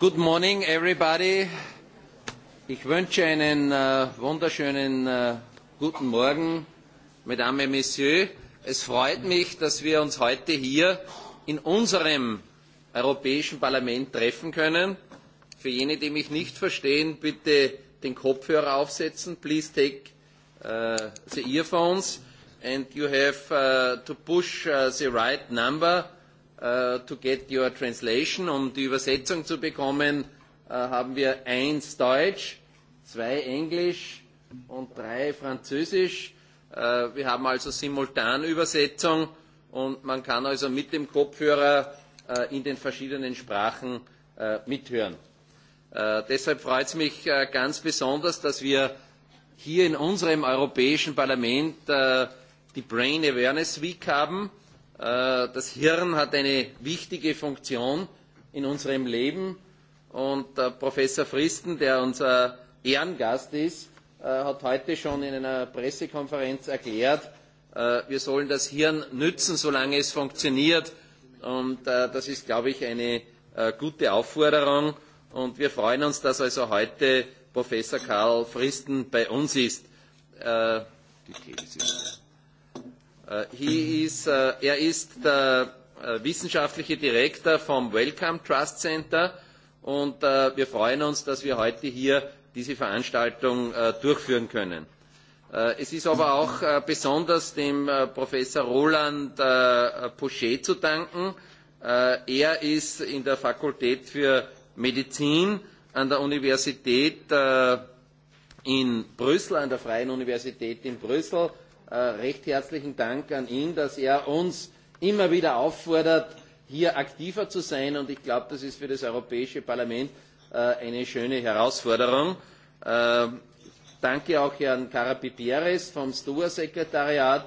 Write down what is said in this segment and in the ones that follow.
Good morning, everybody. Ich wünsche einen wunderschönen guten Morgen, Mesdames et Messieurs. Es freut mich, dass wir uns heute hier in unserem Europäischen Parlament treffen können. Für jene, die mich nicht verstehen, bitte den Kopfhörer aufsetzen. Please take the earphones and you have to push the right number to get your translation, um die Übersetzung zu bekommen, haben wir eins Deutsch, zwei Englisch und drei Französisch. Wir haben also Simultanübersetzung und man kann also mit dem Kopfhörer in den verschiedenen Sprachen mithören. Deshalb freut es mich ganz besonders, dass wir hier in unserem Europäischen Parlament die Brain Awareness Week haben Das Hirn hat eine wichtige Funktion in unserem Leben und Professor Fristen, der unser Ehrengast ist, hat heute schon in einer Pressekonferenz erklärt, wir sollen das Hirn nützen, solange es funktioniert. Und das ist, glaube ich, eine gute Aufforderung. Und wir freuen uns, dass also heute Professor Karl Fristen bei uns ist. Er ist der wissenschaftliche Direktor vom Wellcome Trust Center und wir freuen uns, dass wir heute hier diese Veranstaltung durchführen können. Es ist aber auch besonders dem Professor Roland Pochet zu danken. Er ist in der Fakultät für Medizin an der Universität in Brüssel, an der Freien Universität in Brüssel recht herzlichen Dank an ihn, dass er uns immer wieder auffordert, hier aktiver zu sein. Und ich glaube, das ist für das Europäische Parlament eine schöne Herausforderung. Danke auch Herrn Carapipieres vom Stoa sekretariat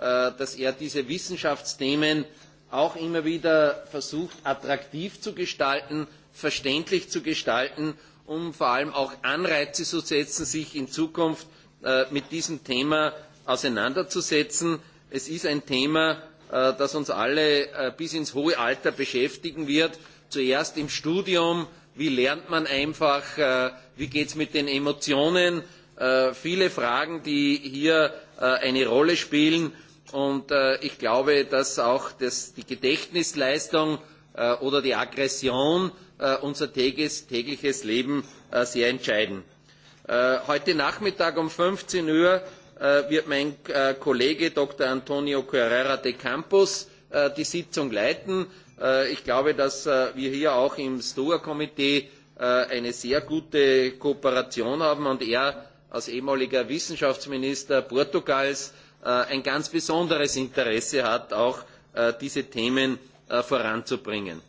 dass er diese Wissenschaftsthemen auch immer wieder versucht, attraktiv zu gestalten, verständlich zu gestalten, um vor allem auch Anreize zu setzen, sich in Zukunft mit diesem Thema auseinanderzusetzen. Es ist ein Thema, das uns alle bis ins hohe Alter beschäftigen wird. Zuerst im Studium, wie lernt man einfach, wie geht es mit den Emotionen, viele Fragen, die hier eine Rolle spielen. Und ich glaube, dass auch die Gedächtnisleistung oder die Aggression unser tägliches Leben sehr entscheiden. Heute Nachmittag um 15 Uhr wird mein Kollege Dr. Antonio Carrera de Campos die Sitzung leiten. Ich glaube, dass wir hier auch im STOA-Komitee eine sehr gute Kooperation haben und er als ehemaliger Wissenschaftsminister Portugals ein ganz besonderes Interesse hat, auch diese Themen voranzubringen.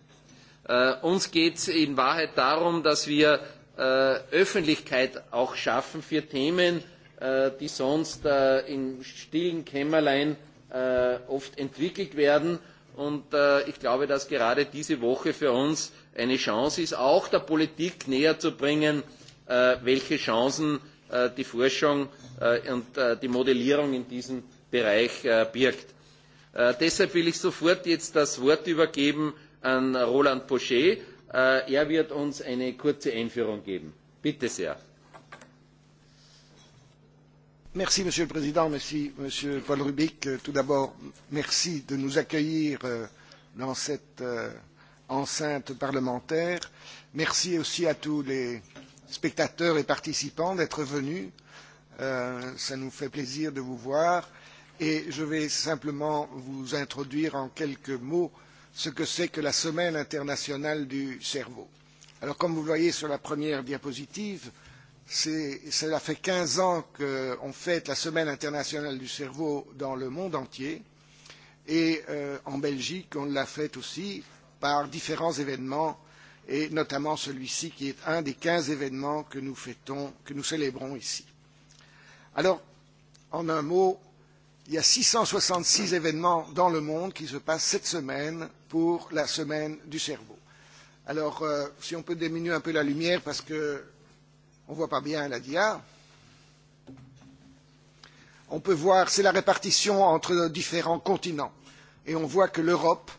Uns geht es in Wahrheit darum, dass wir Öffentlichkeit auch schaffen für Themen, die sonst im stillen Kämmerlein oft entwickelt werden. Und ich glaube, dass gerade diese Woche für uns eine Chance ist, auch der Politik näher zu bringen, welche Chancen die Forschung und die Modellierung in diesem Bereich birgt. Deshalb will ich sofort jetzt das Wort übergeben an Roland Pochet. Er wird uns eine kurze Einführung geben. Bitte sehr. Merci, Monsieur le Président. Merci, Monsieur Paul Rubic. Tout d'abord, merci de nous accueillir dans cette enceinte parlementaire. Merci aussi à tous les spectateurs et participants d'être venus. Ça nous fait plaisir de vous voir. Et je vais simplement vous introduire en quelques mots ce que c'est que la Semaine internationale du cerveau. Alors, comme vous le voyez sur la première diapositive, Cela fait 15 ans qu'on fête la Semaine internationale du cerveau dans le monde entier. Et en Belgique, on l'a fête aussi par différents événements, et notamment celui-ci qui est un des 15 événements que nous fêtons, que nous célébrons ici. Alors, en un mot, il y a 666 événements dans le monde qui se passent cette semaine pour la Semaine du cerveau. Alors, si on peut diminuer un peu la lumière, parce que on ne voit pas bien la DIA. On peut voir, c'est la répartition entre nos différents continents. Et on voit que l'Europe,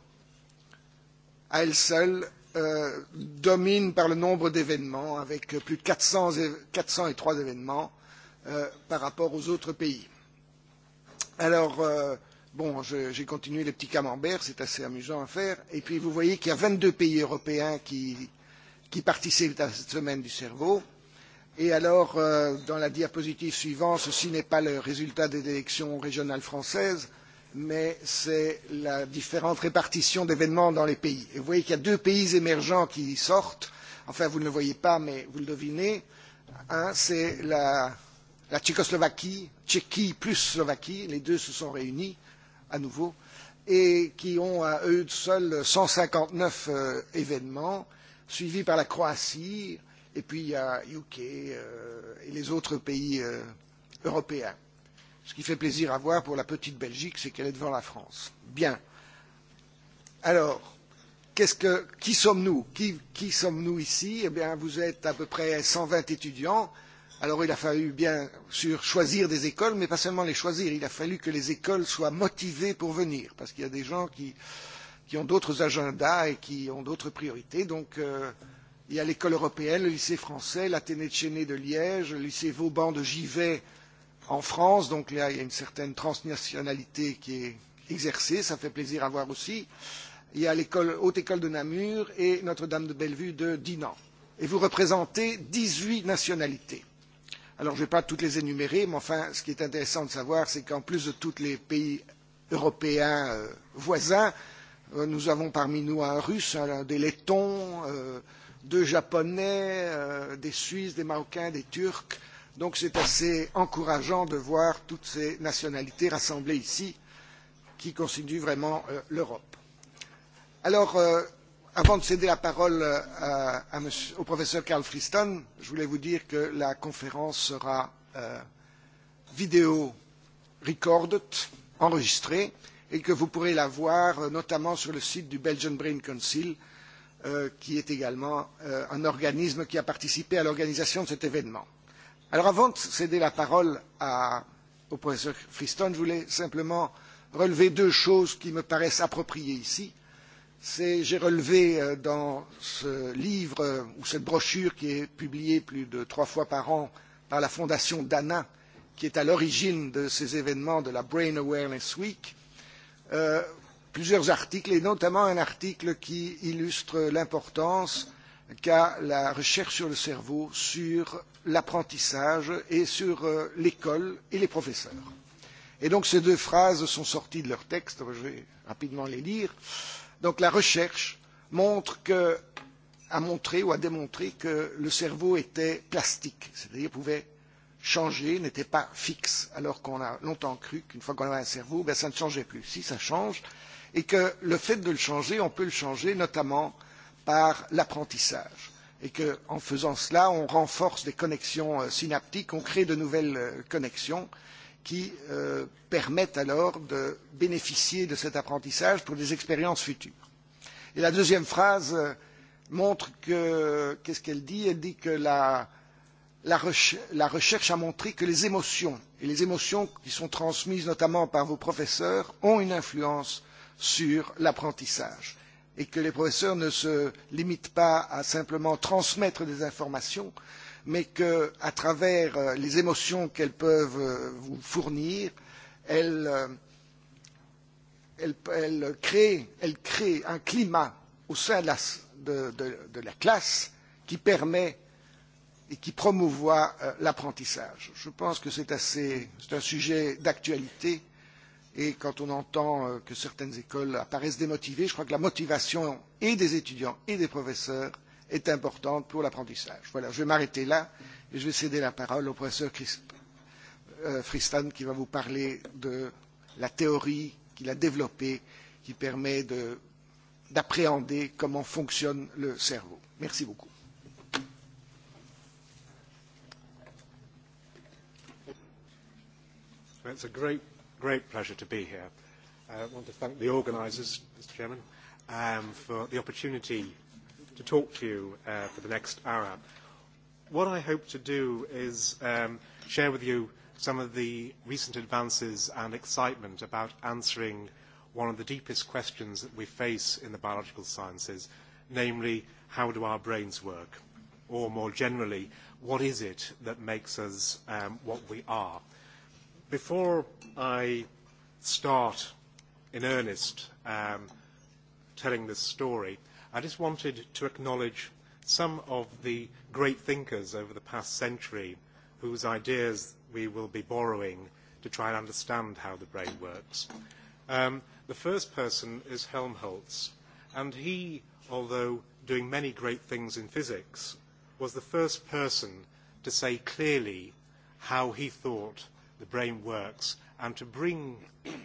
à elle seule, domine par le nombre d'événements, avec plus de et 403 événements par rapport aux autres pays. Alors, bon, j'ai continué les petits camemberts, c'est assez amusant à faire. Et puis, vous voyez qu'il y a 22 pays européens qui participent à cette semaine du cerveau. Et alors, dans la diapositive suivante, ceci n'est pas le résultat des élections régionales françaises, mais c'est la différente répartition d'événements dans les pays. Et vous voyez qu'il y a deux pays émergents qui sortent. Enfin, vous ne le voyez pas, mais vous le devinez. Un, c'est la Tchécoslovaquie, Tchéquie plus Slovaquie. Les deux se sont réunis à nouveau et qui ont à eux seuls 159 événements, suivis par la Croatie et puis il y a UK et les autres pays européens. Ce qui fait plaisir à voir pour la petite Belgique, c'est qu'elle est devant la France. Bien. Alors, que qui sommes-nous Qui sommes-nous ici Eh bien, vous êtes à peu près 120 étudiants. Alors, il a fallu bien sûr choisir des écoles, mais pas seulement les choisir. Il a fallu que les écoles soient motivées pour venir, parce qu'il y a des gens qui ont d'autres agendas et qui ont d'autres priorités. Donc, Il y à l'école européenne, le lycée français, l'Athénée de Chénet de Liège, le lycée Vauban de Givet en France. Donc là, il y a une certaine transnationalité qui est exercée, ça fait plaisir à voir aussi. Il y a l'école, Haute École de Namur et Notre-Dame de Bellevue de Dinan. Et vous représentez 18 nationalités. Alors je ne vais pas toutes les énumérer, mais enfin, ce qui est intéressant de savoir, c'est qu'en plus de tous les pays européens voisins, nous avons parmi nous un russe, des lettons, de Japonais, des Suisses, des Marocains, des Turcs. Donc c'est assez encourageant de voir toutes ces nationalités rassemblées ici, qui constituent vraiment l'Europe. Alors, avant de céder la parole au professeur Karl Friston, je voulais vous dire que la conférence sera vidéo recorded, enregistrée, et que vous pourrez la voir notamment sur le site du Belgian Brain Council qui est également un organisme qui a participé à l'organisation de cet événement. Alors avant de céder la parole au professeur Freestone, je voulais simplement relever deux choses qui me paraissent appropriées ici. J'ai relevé dans ce livre ou cette brochure qui est publiée plus de trois fois par an par la Fondation Dana, qui est à l'origine de ces événements de la Brain Awareness Week, plusieurs articles, et notamment un article qui illustre l'importance qu'a la recherche sur le cerveau, sur l'apprentissage et sur l'école et les professeurs. Et donc ces deux phrases sont sorties de leur texte, je vais rapidement les lire. Donc la recherche montre a montré ou a démontré que le cerveau était plastique, c'est-à-dire pouvait changer, n'était pas fixe, alors qu'on a longtemps cru qu'une fois qu'on avait un cerveau, ça ne changeait plus. Si ça change, et que le fait de le changer, on peut le changer notamment par l'apprentissage et qu'en faisant cela, on renforce des connexions synaptiques, on crée de nouvelles connexions qui permettent alors de bénéficier de cet apprentissage pour des expériences futures. Et la deuxième phrase montre que, qu'est-ce qu'elle dit Elle dit que la recherche a montré que les émotions, et les émotions qui sont transmises notamment par vos professeurs, ont une influence sur l'apprentissage et que les professeurs ne se limitent pas à simplement transmettre des informations, mais qu'à travers les émotions qu'elles peuvent vous fournir, elles créent un climat au sein de la classe qui permet et qui promouvoit l'apprentissage. Je pense que c'est un sujet d'actualité Et quand on entend que certaines écoles apparaissent démotivées, je crois que la motivation et des étudiants et des professeurs est importante pour l'apprentissage. Voilà, je vais m'arrêter là et je vais céder la parole au professeur Fristan qui va vous parler de la théorie qu'il a développée qui permet d'appréhender comment fonctionne le cerveau. Merci beaucoup great pleasure to be here. I want to thank the organisers, Mr Chairman, for the opportunity to talk to you for the next hour. What I hope to do is share with you some of the recent advances and excitement about answering one of the deepest questions that we face in the biological sciences, namely, how do our brains work? Or more generally, what is it that makes us what we are? Before I start in earnest telling this story, I just wanted to acknowledge some of the great thinkers over the past century whose ideas we will be borrowing to try and understand how the brain works. The first person is Helmholtz, and he, although doing many great things in physics, was the first person to say clearly how he thought the brain works and to bring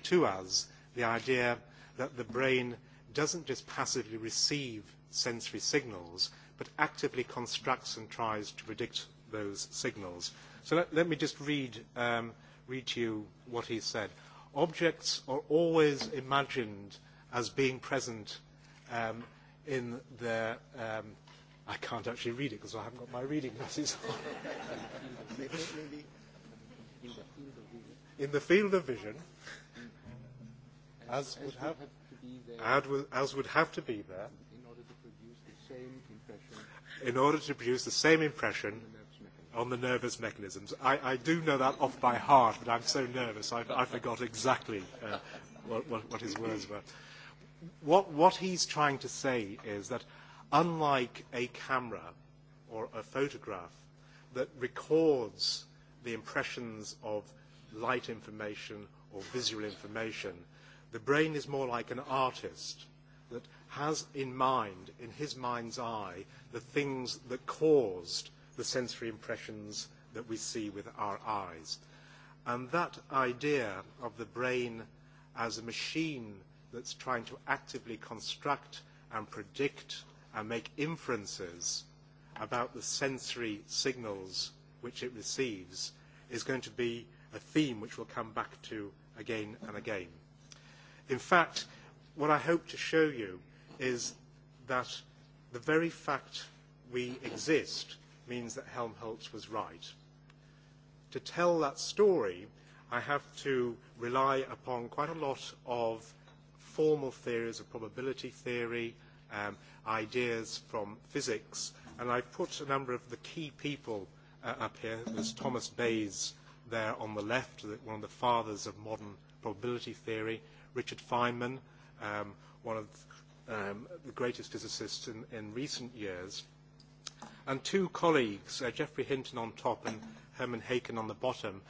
to us the idea that the brain doesn't just passively receive sensory signals but actively constructs and tries to predict those signals. So let me just read to you what he said. Objects are always imagined as being present in their... I can't actually read it because I haven't got my reading glasses on in the field of vision, as would have to be there, in order to produce the same impression on the nervous mechanisms. I do know that off by heart, but I'm so nervous I forgot exactly what his words were. What what he's trying to say is that, unlike a camera or a photograph that records the impressions of light information or visual information. The brain is more like an artist that has in mind, in his mind's eye, the things that caused the sensory impressions that we see with our eyes. And that idea of the brain as a machine that's trying to actively construct and predict and make inferences about the sensory signals which it receives is going to be a theme which we'll come back to again and again. In fact, what I hope to show you is that the very fact we exist means that Helmholtz was right. To tell that story, I have to rely upon quite a lot of formal theories of probability theory, ideas from physics, and I've put a number of the key people up here. There's Thomas Bayes there on the left, one of the fathers of modern probability theory. Richard Feynman, one of the greatest physicists in recent years. And two colleagues, Geoffrey Hinton on top and Herman Haken on the bottom,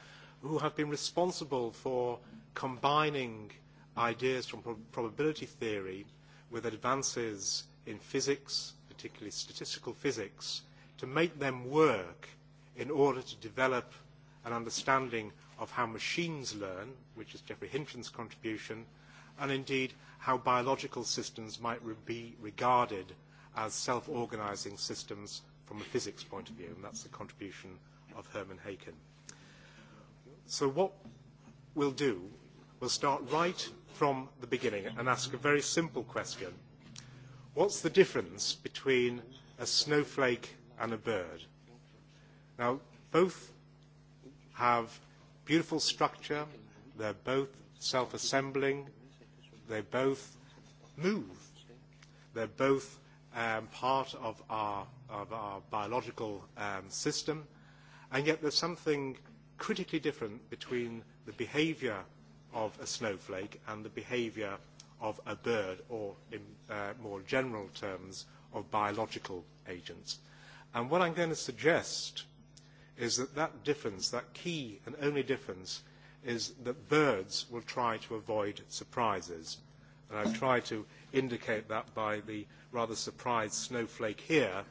who have been responsible for combining ideas from probability theory with advances in physics, particularly statistical physics, to make them work in order to develop an understanding of how machines learn, which is Geoffrey Hinton's contribution, and indeed how biological systems might be regarded as self-organizing systems from a physics point of view, and that's the contribution of Herman Haken. So what we'll do, we'll start right from the beginning and ask a very simple question. What's the difference between a snowflake and a bird? Now, both have beautiful structure, they're both self-assembling, they both move, they're both part of our of our biological system, and yet there's something critically different between the behavior of a snowflake and the behavior of a bird, or in more general terms, of biological agents. And what I'm going to suggest is that that difference, that key and only difference, is that birds will try to avoid surprises. And I've tried to indicate that by the rather surprised snowflake here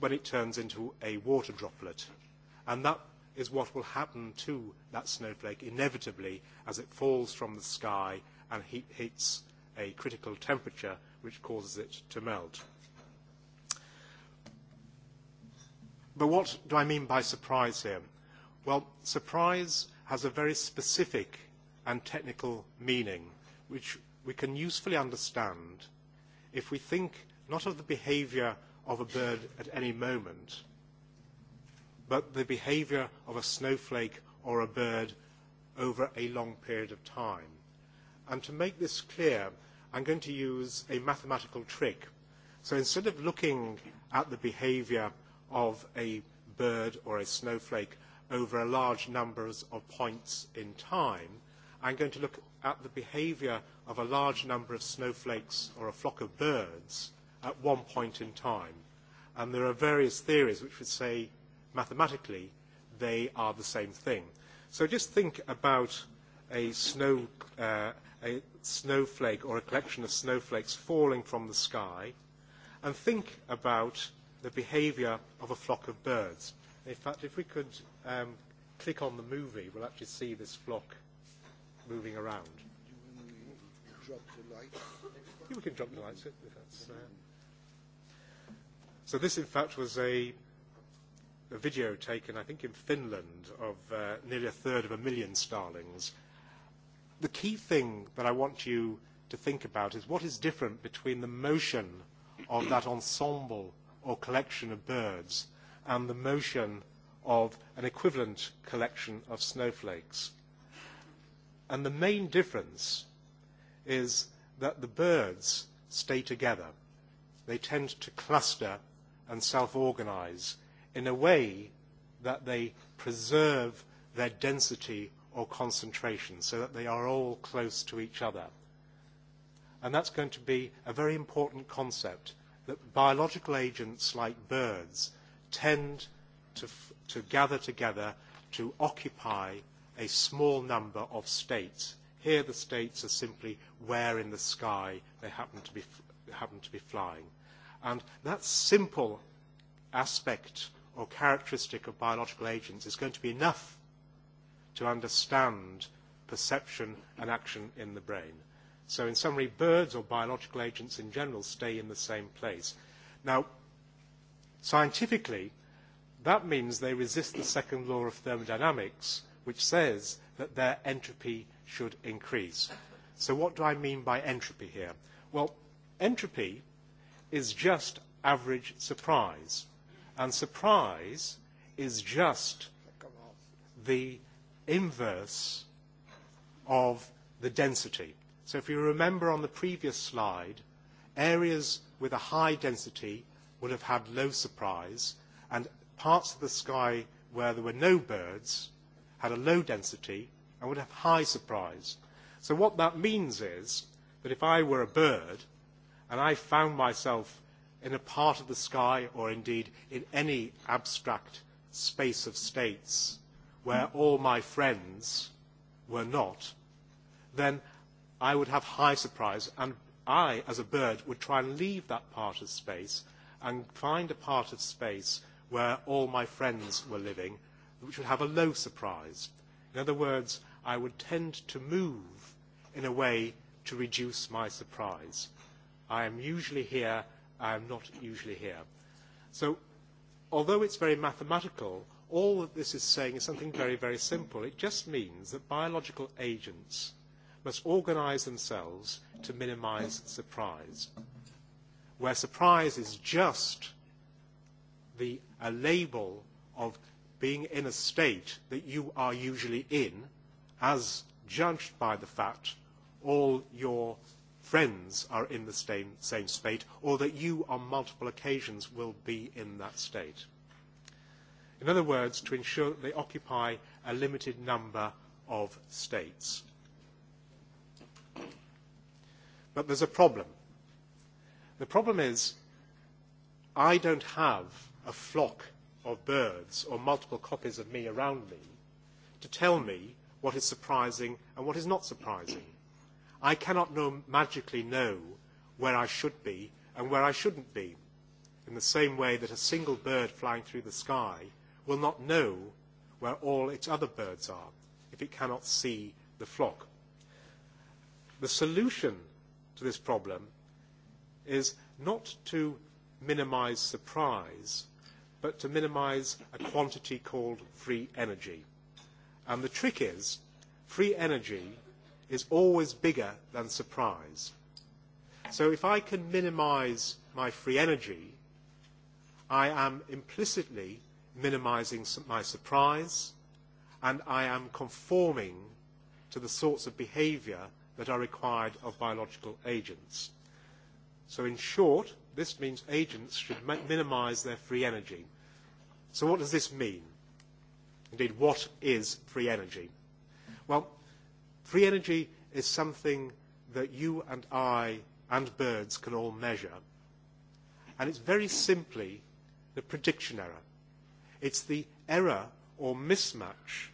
when it turns into a water droplet. And that is what will happen to that snowflake inevitably as it falls from the sky and hits a critical temperature which causes it to melt. But what do I mean by surprise here? Well, surprise has a very specific and technical meaning, which we can usefully understand if we think not of the behaviour of a bird at any moment, but the behaviour of a snowflake or a bird over a long period of time. And to make this clear, I'm going to use a mathematical trick. So instead of looking at the behaviour of a bird or a snowflake over a large number of points in time, I'm going to look at the behavior of a large number of snowflakes or a flock of birds at one point in time. And there are various theories which would say, mathematically, they are the same thing. So just think about a snowflake or a collection of snowflakes falling from the sky, and think about the behaviour of a flock of birds. In fact, if we could click on the movie, we'll actually see this flock moving around. We can drop the lights. So this, in fact, was a video taken, I think, in Finland of nearly a third of a million starlings. The key thing that I want you to think about is what is different between the motion of that ensemble or collection of birds and the motion of an equivalent collection of snowflakes. And the main difference is that the birds stay together. They tend to cluster and self-organize in a way that they preserve their density or concentration so that they are all close to each other. And that's going to be a very important concept that biological agents like birds tend to gather together to occupy a small number of states. Here the states are simply where in the sky they happen to be flying. And that simple aspect or characteristic of biological agents is going to be enough to understand perception and action in the brain. So in summary, birds or biological agents in general stay in the same place. Now, scientifically, that means they resist the second law of thermodynamics, which says that their entropy should increase. So what do I mean by entropy here? Well, entropy is just average surprise. And surprise is just the inverse of the density. So if you remember on the previous slide, areas with a high density would have had low surprise, and parts of the sky where there were no birds had a low density and would have high surprise. So what that means is that if I were a bird and I found myself in a part of the sky or indeed in any abstract space of states where all my friends were not, then I would have high surprise, and I, as a bird, would try and leave that part of space and find a part of space where all my friends were living, which would have a low surprise. In other words, I would tend to move in a way to reduce my surprise. I am usually here, I am not usually here. So, although it's very mathematical, all that this is saying is something very, very simple. It just means that biological agents must organise themselves to minimise surprise. Where surprise is just a label of being in a state that you are usually in, as judged by the fact all your friends are in the same state, or that you on multiple occasions will be in that state. In other words, to ensure that they occupy a limited number of states But there's a problem. The problem is I don't have a flock of birds or multiple copies of me around me to tell me what is surprising and what is not surprising. I cannot magically know where I should be and where I shouldn't be, in the same way that a single bird flying through the sky will not know where all its other birds are if it cannot see the flock the solution to this problem is not to minimise surprise, but to minimise a quantity called free energy. And the trick is, free energy is always bigger than surprise. So if I can minimise my free energy, I am implicitly minimising my surprise, and I am conforming to the sorts of behaviour that are required of biological agents. So in short, this means agents should minimize their free energy. So what does this mean? Indeed, what is free energy? Well, free energy is something that you and I and birds can all measure. And it's very simply the prediction error. It's the error or mismatch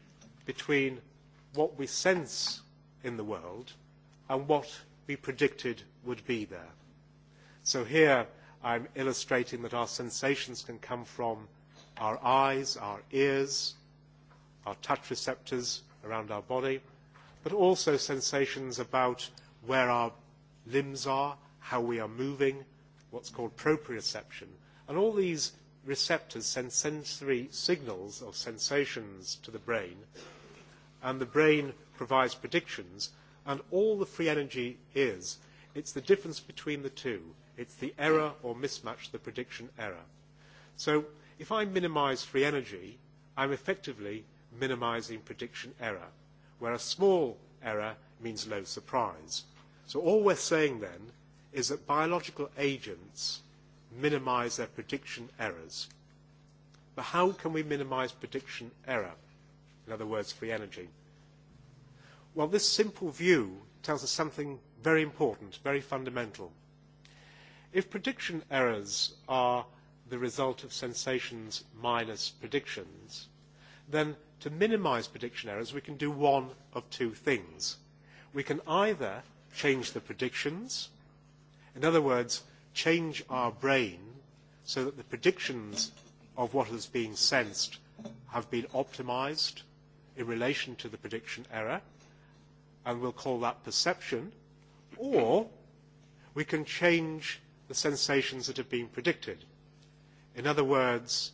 between what we sense in the world and what we predicted would be there. So here I'm illustrating that our sensations can come from our eyes, our ears, our touch receptors around our body, but also sensations about where our limbs are, how we are moving, what's called proprioception. And all these receptors send sensory signals of sensations to the brain, and the brain provides predictions and all the free energy is it's the difference between the two it's the error or mismatch the prediction error so if i minimise free energy i'm effectively minimising prediction error where a small error means low surprise so all we're saying then is that biological agents minimise their prediction errors but how can we minimise prediction error in other words free energy Well, this simple view tells us something very important, very fundamental. If prediction errors are the result of sensations minus predictions, then to minimise prediction errors we can do one of two things. We can either change the predictions, in other words, change our brain so that the predictions of what is being sensed have been optimised in relation to the prediction error, and we'll call that perception, or we can change the sensations that have been predicted. In other words,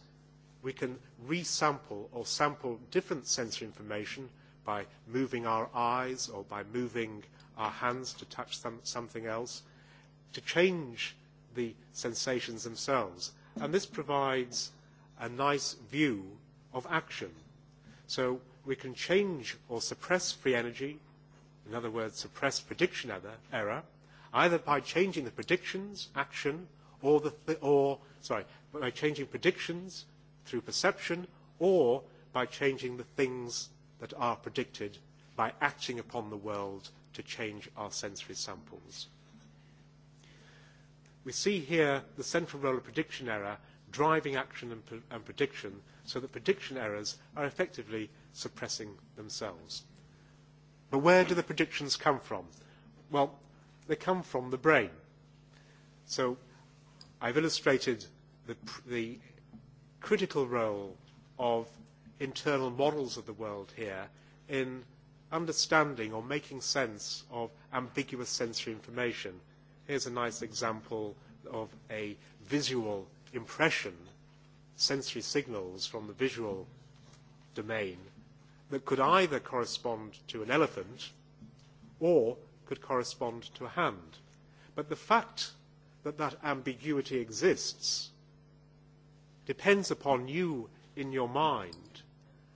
we can resample or sample different sensory information by moving our eyes or by moving our hands to touch something else to change the sensations themselves. And this provides a nice view of action. So we can change or suppress free energy in other words, suppress prediction error, either by changing the predictions action or the or sorry by changing predictions through perception or by changing the things that are predicted by acting upon the world to change our sensory samples. We see here the central role of prediction error driving action and prediction so that prediction errors are effectively suppressing themselves. But where do the predictions come from? Well, they come from the brain. So I've illustrated the critical role of internal models of the world here in understanding or making sense of ambiguous sensory information. Here's a nice example of a visual impression, sensory signals from the visual domain that could either correspond to an elephant or could correspond to a hand. But the fact that that ambiguity exists depends upon you in your mind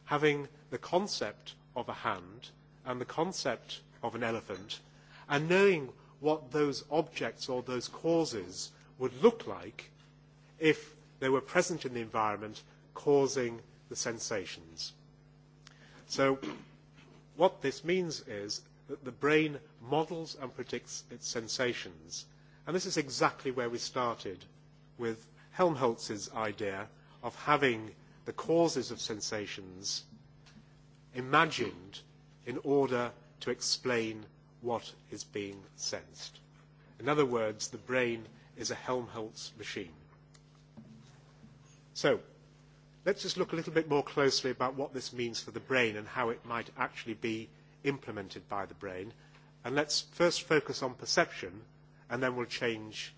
having the concept of a hand and the concept of an elephant and knowing what those objects or those causes would look like if they were present in the environment causing the sensations. So what this means is that the brain models and predicts its sensations. And this is exactly where we started with Helmholtz's idea of having the causes of sensations imagined in order to explain what is being sensed. In other words, the brain is a Helmholtz machine. So Let's just look a little bit more closely about what this means for the brain and how it might actually be implemented by the brain. And let's first focus on perception, and then we'll change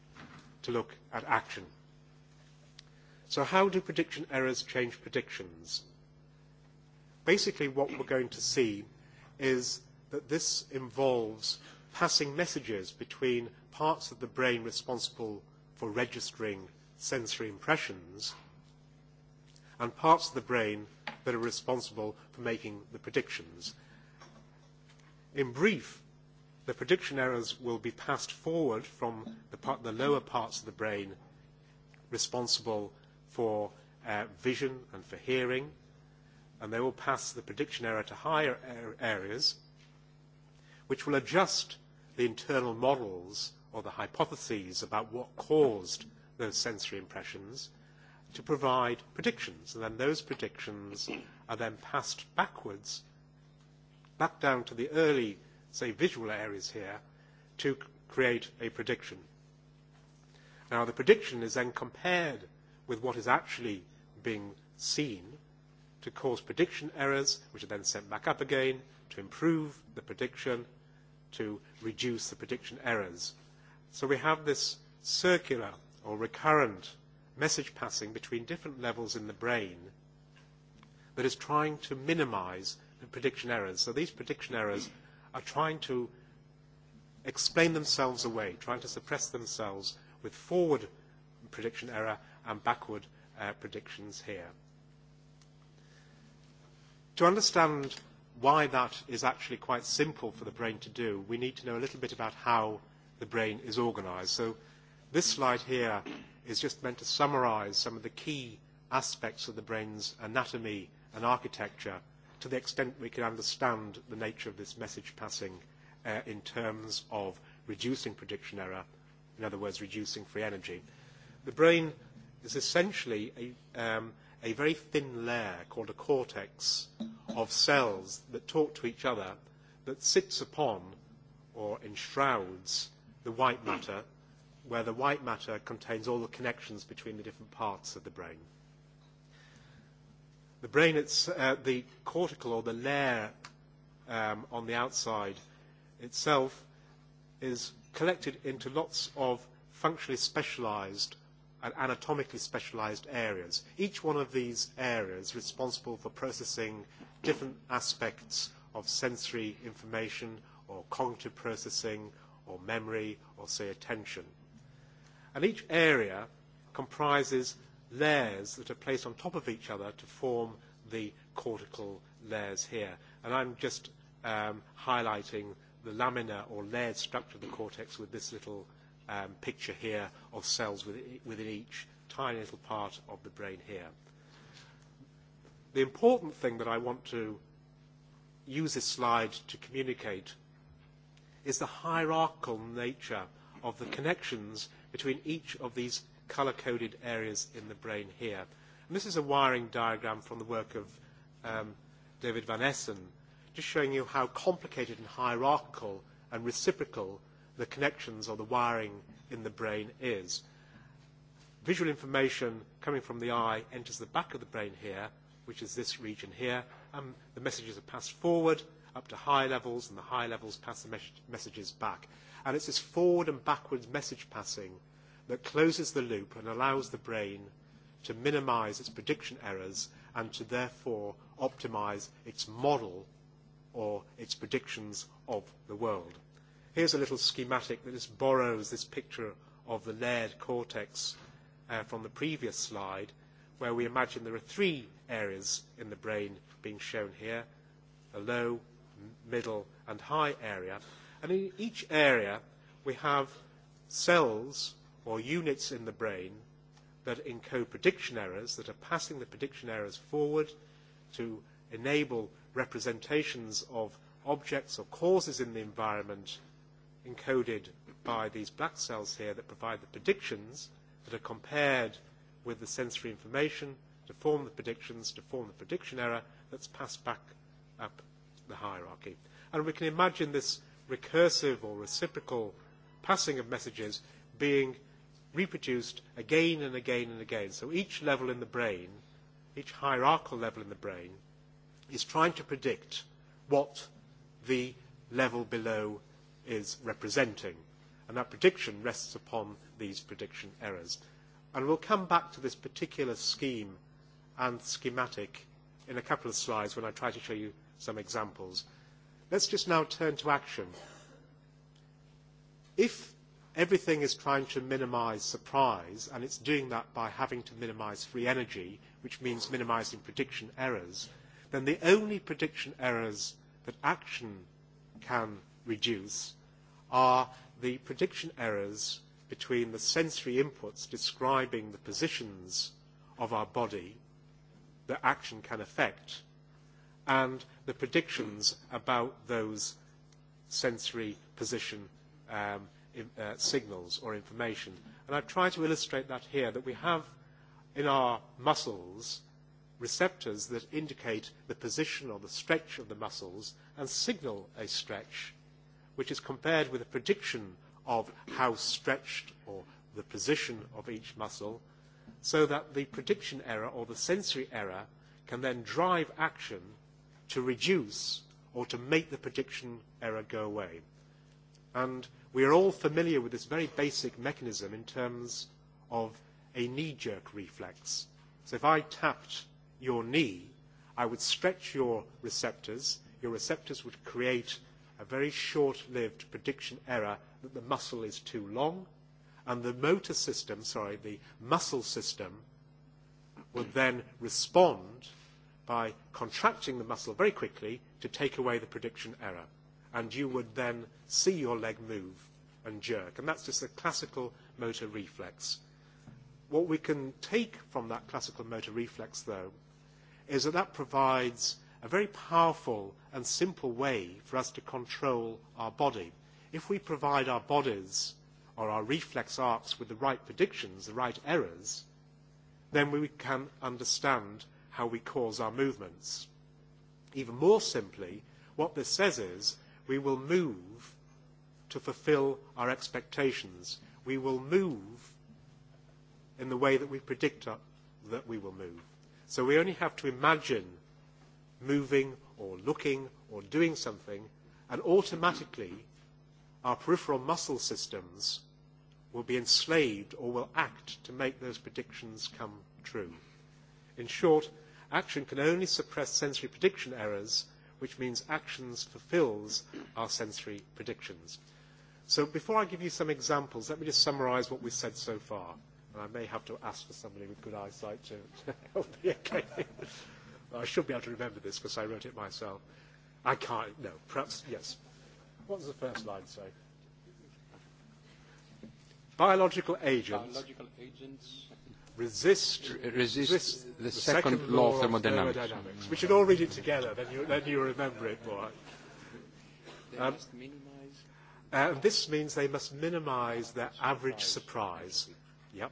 to look at action. So how do prediction errors change predictions? Basically, what we're going to see is that this involves passing messages between parts of the brain responsible for registering sensory impressions – and parts of the brain that are responsible for making the predictions. In brief, the prediction errors will be passed forward from the lower parts of the brain responsible for vision and for hearing, and they will pass the prediction error to higher areas, which will adjust the internal models or the hypotheses about what caused those sensory impressions to provide predictions, and then those predictions are then passed backwards, back down to the early, say, visual areas here, to create a prediction. Now, the prediction is then compared with what is actually being seen to cause prediction errors, which are then sent back up again to improve the prediction, to reduce the prediction errors. So we have this circular or recurrent message passing between different levels in the brain that is trying to minimize the prediction errors. So these prediction errors are trying to explain themselves away, trying to suppress themselves with forward prediction error and backward predictions here. To understand why that is actually quite simple for the brain to do, we need to know a little bit about how the brain is organized. So this slide here is just meant to summarize some of the key aspects of the brain's anatomy and architecture to the extent we can understand the nature of this message passing in terms of reducing prediction error, in other words, reducing free energy. The brain is essentially a very thin layer called a cortex of cells that talk to each other that sits upon or enshrouds the white matter where the white matter contains all the connections between the different parts of the brain. The brain, the cortical or the layer on the outside itself is collected into lots of functionally specialized and anatomically specialized areas. Each one of these areas responsible for processing different aspects of sensory information or cognitive processing or memory or, say, attention. And each area comprises layers that are placed on top of each other to form the cortical layers here. And I'm just highlighting the lamina or layered structure of the cortex with this little picture here of cells within each tiny little part of the brain here. The important thing that I want to use this slide to communicate is the hierarchical nature of the connections between each of these colour-coded areas in the brain here. This is a wiring diagram from the work of David Van Essen, just showing you how complicated and hierarchical and reciprocal the connections or the wiring in the brain is. Visual information coming from the eye enters the back of the brain here, which is this region here, and the messages are passed forward up to high levels, and the high levels pass the messages back. And it's this forward and backwards message passing that closes the loop and allows the brain to minimise its prediction errors and to therefore optimise its model or its predictions of the world. Here's a little schematic that just borrows this picture of the layered cortex from the previous slide, where we imagine there are three areas in the brain being shown here, a low, middle and high area. And in each area we have cells or units in the brain that encode prediction errors, that are passing the prediction errors forward to enable representations of objects or causes in the environment encoded by these black cells here that provide the predictions that are compared with the sensory information to form the predictions, to form the prediction error that's passed back up the hierarchy. And we can imagine this recursive or reciprocal passing of messages being reproduced again and again and again. So each level in the brain, each hierarchical level in the brain, is trying to predict what the level below is representing. And that prediction rests upon these prediction errors. And we'll come back to this particular scheme and schematic in a couple of slides when I try to show you some examples. Let's just now turn to action. If everything is trying to minimise surprise, and it's doing that by having to minimise free energy, which means minimising prediction errors, then the only prediction errors that action can reduce are the prediction errors between the sensory inputs describing the positions of our body that action can affect and the predictions about those sensory position signals or information. And I've tried to illustrate that here, that we have in our muscles receptors that indicate the position or the stretch of the muscles and signal a stretch, which is compared with a prediction of how stretched or the position of each muscle, so that the prediction error or the sensory error can then drive action to reduce or to make the prediction error go away. And we are all familiar with this very basic mechanism in terms of a knee-jerk reflex. So if I tapped your knee, I would stretch your receptors. Your receptors would create a very short-lived prediction error that the muscle is too long, and the motor system, sorry, the muscle system would then respond by contracting the muscle very quickly to take away the prediction error. And you would then see your leg move and jerk. And that's just a classical motor reflex. What we can take from that classical motor reflex, though, is that that provides a very powerful and simple way for us to control our body. If we provide our bodies or our reflex arcs with the right predictions, the right errors, then we can understand how we cause our movements. Even more simply, what this says is we will move to fulfill our expectations. We will move in the way that we predict that we will move. So we only have to imagine moving or looking or doing something, and automatically our peripheral muscle systems will be enslaved or will act to make those predictions come true. In short, Action can only suppress sensory prediction errors, which means actions fulfills our sensory predictions. So before I give you some examples, let me just summarise what we've said so far. And I may have to ask for somebody with good eyesight to help me Okay. I should be able to remember this because I wrote it myself. I can't, no, perhaps, yes. What does the first line say? Biological agents. Biological agents resist, resist, the, second, law of thermodynamics. We should all read it together, then you, then you remember it more. and this means they must minimize their average surprise. Yep.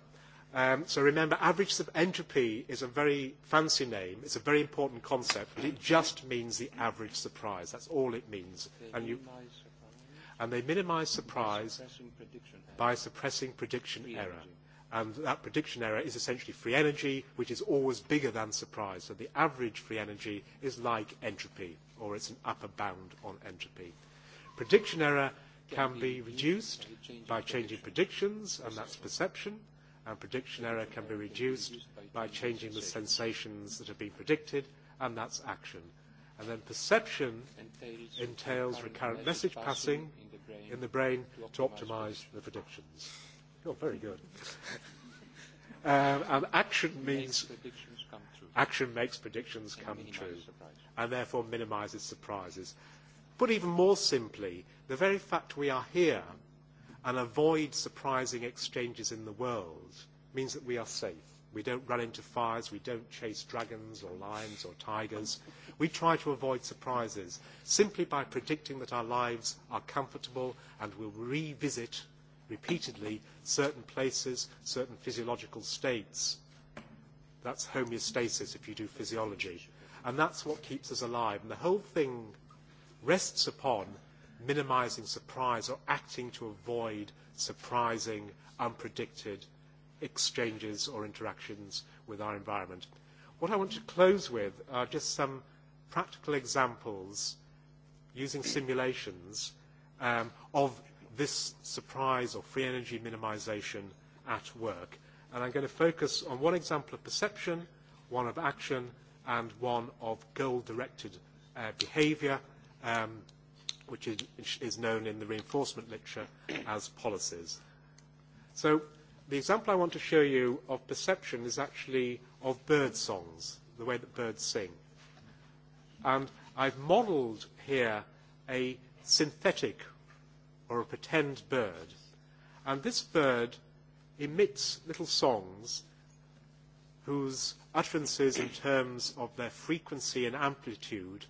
Um, so remember, average entropy is a very fancy name. It's a very important concept, but it just means the average surprise. That's all it means. And, you, and they minimize surprise by suppressing prediction error and that prediction error is essentially free energy, which is always bigger than surprise. So the average free energy is like entropy, or it's an upper bound on entropy. Prediction error can be reduced by changing predictions, and that's perception, and prediction error can be reduced by changing the sensations that have been predicted, and that's action. And then perception entails recurrent message passing in the brain to optimize the predictions. Oh, very good. and action means action makes predictions come true and therefore minimizes surprises. But even more simply, the very fact we are here and avoid surprising exchanges in the world means that we are safe. We don't run into fires, we don't chase dragons or lions or tigers. We try to avoid surprises simply by predicting that our lives are comfortable and will revisit repeatedly certain places, certain physiological states. That's homeostasis if you do physiology. And that's what keeps us alive. And the whole thing rests upon minimizing surprise or acting to avoid surprising, unpredicted exchanges or interactions with our environment. What I want to close with are just some practical examples using simulations of this surprise or free energy minimisation at work. And I'm going to focus on one example of perception, one of action, and one of goal-directed behaviour, which is known in the reinforcement literature as policies. So the example I want to show you of perception is actually of bird songs, the way that birds sing. And I've modeled here a synthetic or a pretend bird. And this bird emits little songs whose utterances in terms of their frequency and amplitude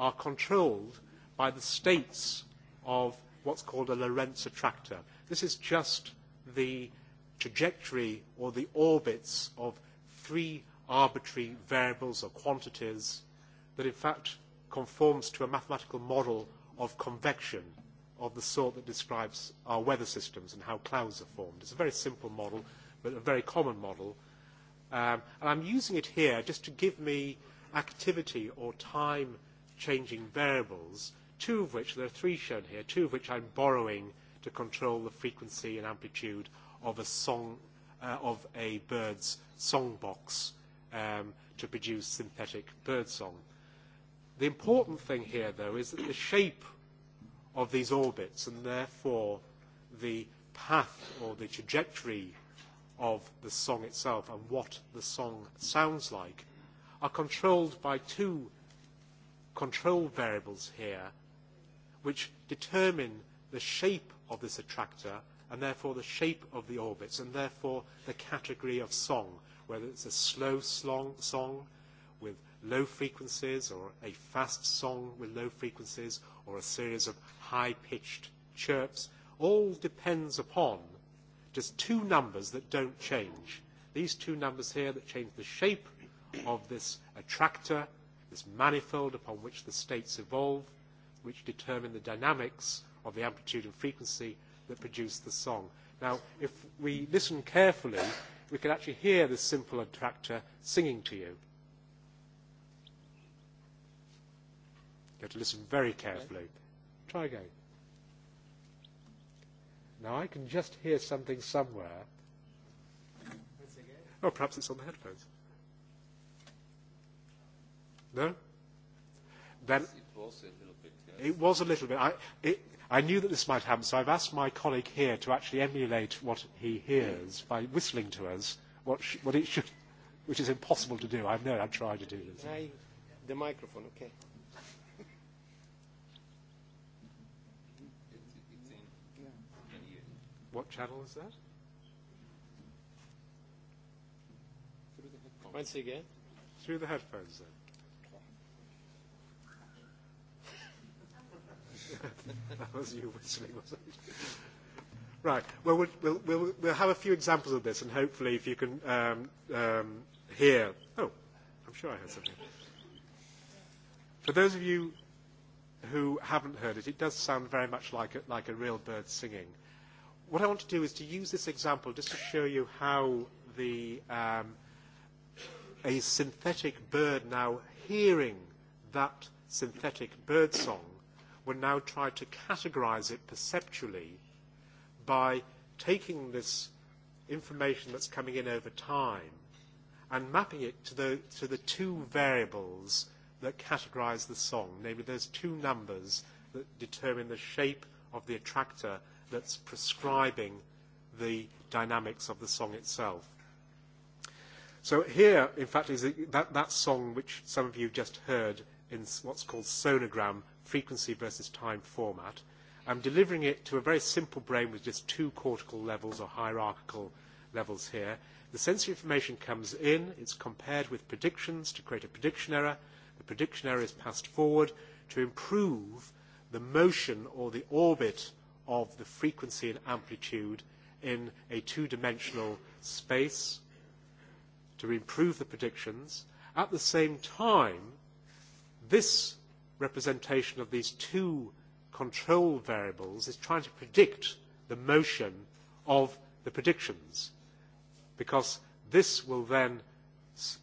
are controlled by the states of what's called a Lorentz attractor. This is just the trajectory or the orbits of three arbitrary variables or quantities that in fact conforms to a mathematical model of convection of the sort that describes our weather systems and how clouds are formed. It's a very simple model, but a very common model. And I'm using it here just to give me activity or time-changing variables, two of which, there are three shown here, two of which I'm borrowing to control the frequency and amplitude of a song, of a bird's song box to produce synthetic bird song. The important thing here, though, is that the shape of these orbits and therefore the path or the trajectory of the song itself and what the song sounds like are controlled by two control variables here which determine the shape of this attractor and therefore the shape of the orbits and therefore the category of song, whether it's a slow song with low frequencies or a fast song with low frequencies or a series of high-pitched chirps all depends upon just two numbers that don't change. These two numbers here that change the shape of this attractor, this manifold upon which the states evolve, which determine the dynamics of the amplitude and frequency that produce the song. Now, if we listen carefully, we can actually hear this simple attractor singing to you. You have to listen very carefully. Try again. Now I can just hear something somewhere. Oh, perhaps it's on the headphones. No? Then it was a little bit. I, it, I knew that this might happen, so I've asked my colleague here to actually emulate what he hears by whistling to us, what, what it should, which is impossible to do. I've know. I've tried to do this. The microphone, okay. What channel is that? Once again? Through the headphones then. that was you whistling, wasn't it? Right. Well, we'll, we'll, we'll, we'll have a few examples of this, and hopefully, if you can um, um, hear. Oh, I'm sure I heard something. For those of you who haven't heard it, it does sound very much like a, like a real bird singing. What I want to do is to use this example just to show you how the a synthetic bird now hearing that synthetic bird song will now try to categorise it perceptually by taking this information that's coming in over time and mapping it to the to the two variables that categorise the song, namely those two numbers that determine the shape of the attractor that's prescribing the dynamics of the song itself. So here, in fact, is that, that song which some of you just heard in what's called sonogram, frequency versus time format. I'm delivering it to a very simple brain with just two cortical levels or hierarchical levels here. The sensory information comes in, it's compared with predictions to create a prediction error. The prediction error is passed forward to improve the motion or the orbit of the frequency and amplitude in a two-dimensional space to improve the predictions. At the same time, this representation of these two control variables is trying to predict the motion of the predictions because this will then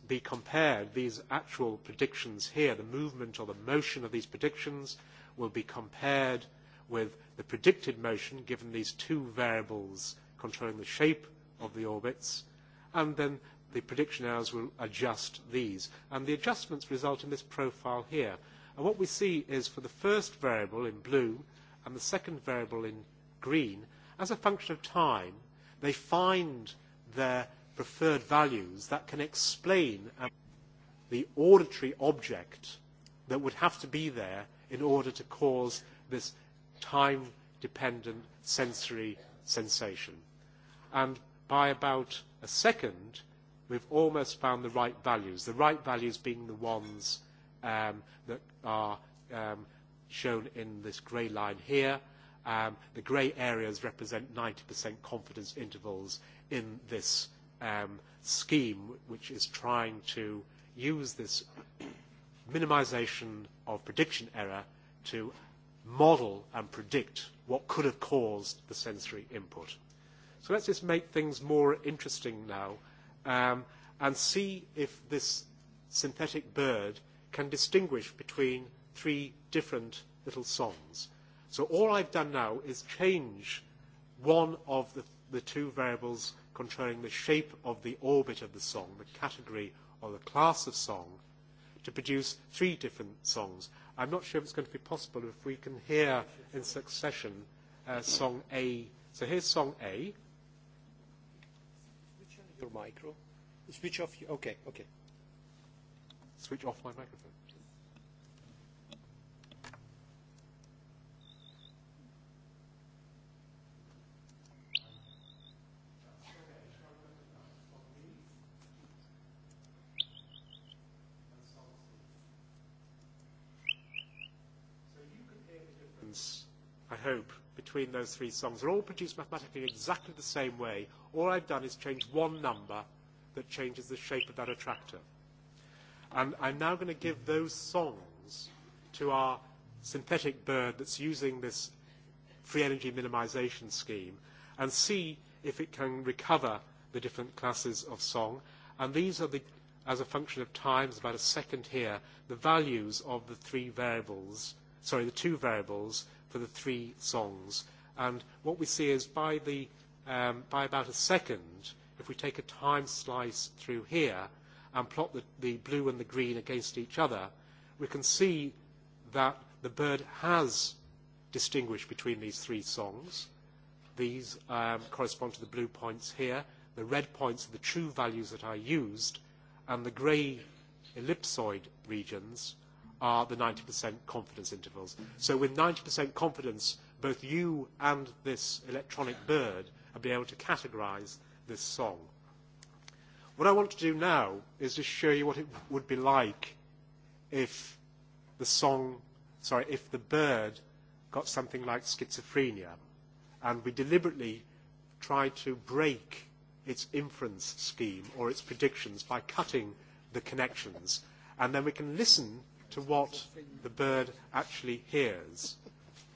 be compared, these actual predictions here, the movement or the motion of these predictions will be compared with the predicted motion given these two variables controlling the shape of the orbits and then the prediction errors will adjust these and the adjustments result in this profile here and what we see is for the first variable in blue and the second variable in green as a function of time they find their preferred values that can explain the auditory object that would have to be there in order to cause this time-dependent sensory sensation. And by about a second, we've almost found the right values, the right values being the ones that are shown in this grey line here. The grey areas represent 90% confidence intervals in this scheme, which is trying to use this minimisation of prediction error to model and predict what could have caused the sensory input. So let's just make things more interesting now and see if this synthetic bird can distinguish between three different little songs. So all I've done now is change one of the, the two variables controlling the shape of the orbit of the song, the category or the class of song, to produce three different songs. I'm not sure if it's going to be possible if we can hear in succession song A. So here's song A. Switch your micro. Switch off. Your, okay, okay. Switch off my microphone. I hope, between those three songs they're all produced mathematically in exactly the same way. All I've done is change one number that changes the shape of that attractor. And I'm now going to give those songs to our synthetic bird that's using this free energy minimization scheme and see if it can recover the different classes of song. And these are the, as a function of time, about a second here, the values of the three variables sorry, the two variables for the three songs. And what we see is by the by about a second, if we take a time slice through here and plot the blue and the green against each other, we can see that the bird has distinguished between these three songs. These correspond to the blue points here. The red points are the true values that I used, and the grey ellipsoid regions are the 90% confidence intervals. So with 90% confidence, both you and this electronic bird will be able to categorize this song. What I want to do now is to show you what it would be like if the song, sorry, if the bird got something like schizophrenia and we deliberately try to break its inference scheme or its predictions by cutting the connections and then we can listen to what the bird actually hears.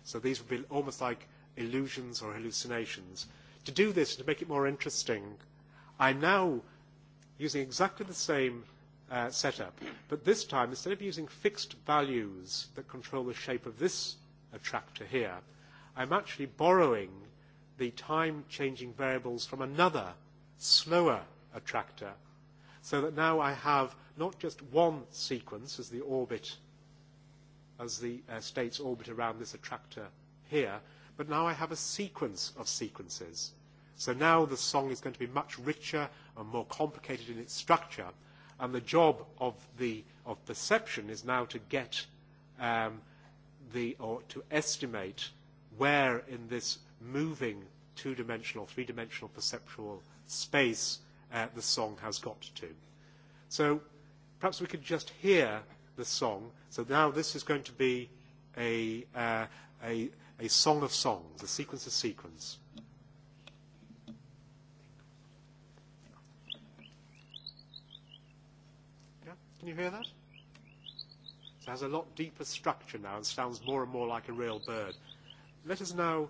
So these would be almost like illusions or hallucinations. To do this, to make it more interesting, I'm now using exactly the same setup, but this time, instead of using fixed values that control the shape of this attractor here, I'm actually borrowing the time-changing variables from another, slower attractor so that now I have not just one sequence as the orbit, as the states orbit around this attractor here, but now I have a sequence of sequences. So now the song is going to be much richer and more complicated in its structure, and the job of the of perception is now to get um, the or to estimate where in this moving two-dimensional, three-dimensional perceptual space the song has got to. So perhaps we could just hear the song. So now this is going to be a, a, a song of songs, a sequence of sequence. can you hear that? It has a lot deeper structure now and sounds more and more like a real bird. Let us now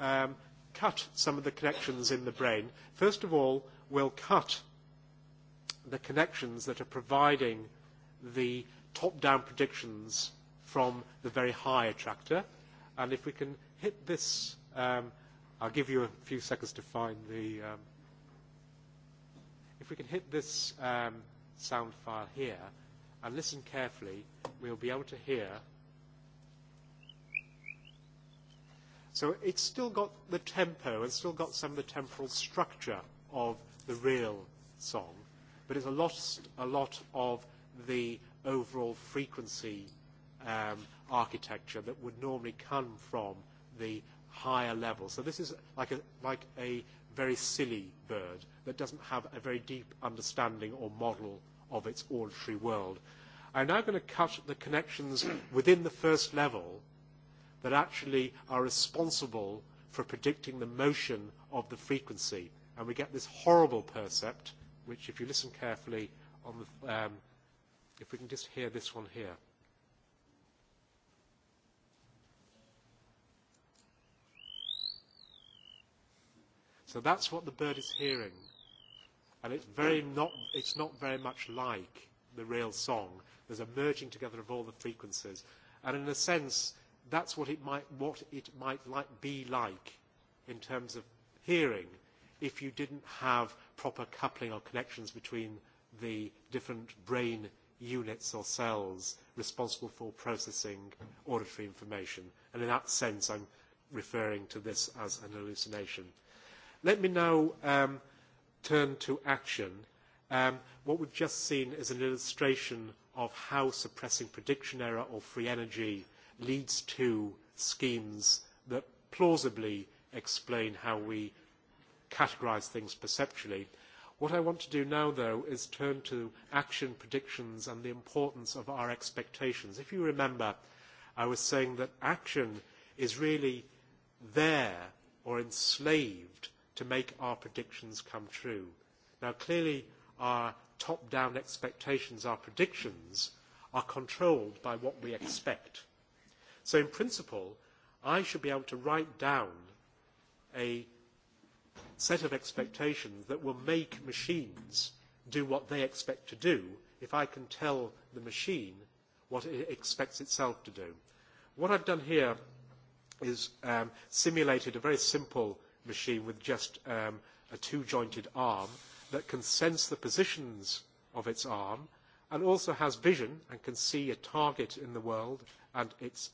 um, cut some of the connections in the brain. First of all, will cut the connections that are providing the top-down predictions from the very high attractor. And if we can hit this, I'll give you a few seconds to find the. If we can hit this sound file here and listen carefully, we'll be able to hear. So it's still got the tempo and still got some of the temporal structure of the real song, but it's a lot of the overall frequency architecture that would normally come from the higher level. So this is like a like a very silly bird that doesn't have a very deep understanding or model of its auditory world. I'm now going to cut the connections within the first level that actually are responsible for predicting the motion of the frequency and we get this horrible percept, which if you listen carefully, on the, if we can just hear this one here. So that's what the bird is hearing. And it's, very not, it's not very much like the real song. There's a merging together of all the frequencies. And in a sense, that's what it might, what it might like, be like in terms of hearing if you didn't have proper coupling or connections between the different brain units or cells responsible for processing auditory information. And in that sense, I'm referring to this as an hallucination. Let me now turn to action. What we've just seen is an illustration of how suppressing prediction error or free energy leads to schemes that plausibly explain how we categorise things perceptually. What I want to do now, though, is turn to action predictions and the importance of our expectations. If you remember, I was saying that action is really there or enslaved to make our predictions come true. Now, clearly, our top-down expectations, our predictions, are controlled by what we expect. So, in principle, I should be able to write down a set of expectations that will make machines do what they expect to do if I can tell the machine what it expects itself to do. What I've done here is simulated a very simple machine with just a two-jointed arm that can sense the positions of its arm and also has vision and can see a target in the world and its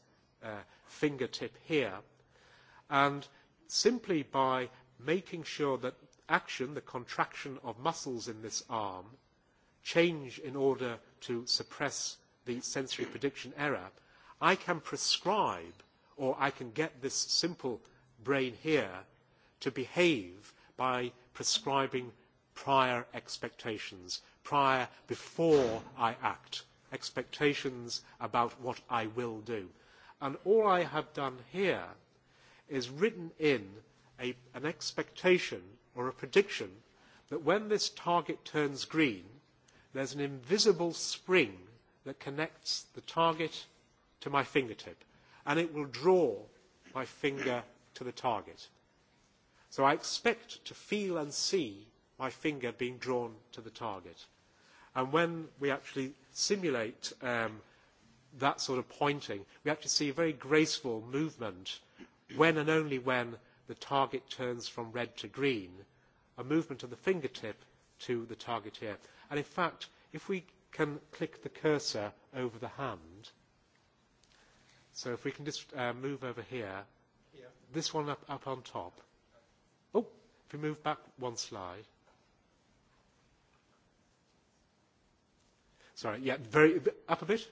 fingertip here. And simply by making sure that action, the contraction of muscles in this arm, change in order to suppress the sensory prediction error, I can prescribe or I can get this simple brain here to behave by prescribing prior expectations, prior before I act, expectations about what I will do. And all I have done here is written in an expectation or a prediction that when this target turns green, there's an invisible spring that connects the target to my fingertip, and it will draw my finger to the target. So I expect to feel and see my finger being drawn to the target. And when we actually simulate that sort of pointing, we actually see a very graceful movement when and only when the target turns from red to green, a movement of the fingertip to the target here. And in fact, if we can click the cursor over the hand, so if we can just move over here, this one up, up on top. Oh, if we move back one slide. Sorry, yeah, very up a bit.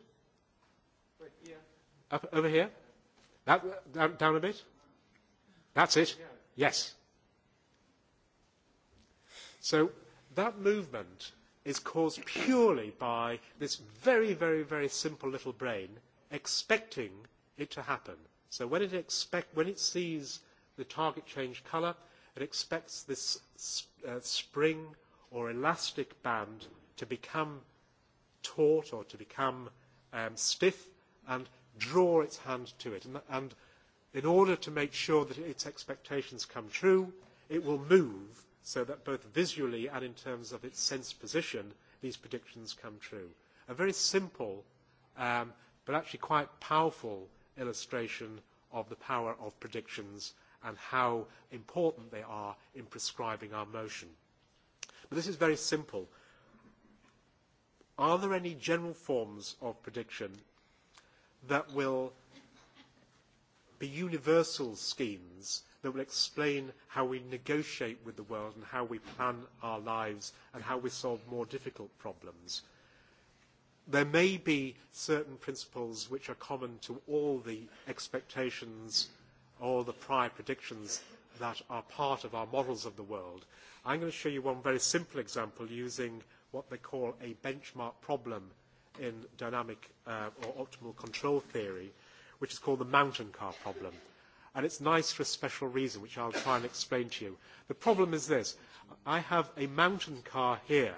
Up over here. down a bit. That's it? Yes. So that movement is caused purely by this very, very, very simple little brain expecting it to happen. So when it, expect, when it sees the target change colour, it expects this spring or elastic band to become taut or to become stiff and draw its hand to it. And in order to make sure that its expectations come true, it will move so that both visually and in terms of its sense position, these predictions come true. A very simple but actually quite powerful illustration of the power of predictions and how important they are in prescribing our motion. But this is very simple. Are there any general forms of prediction that will Be universal schemes that will explain how we negotiate with the world and how we plan our lives and how we solve more difficult problems. There may be certain principles which are common to all the expectations or the prior predictions that are part of our models of the world. I'm going to show you one very simple example using what they call a benchmark problem in dynamic or optimal control theory which is called the mountain car problem. And it's nice for a special reason, which I'll try and explain to you. The problem is this. I have a mountain car here,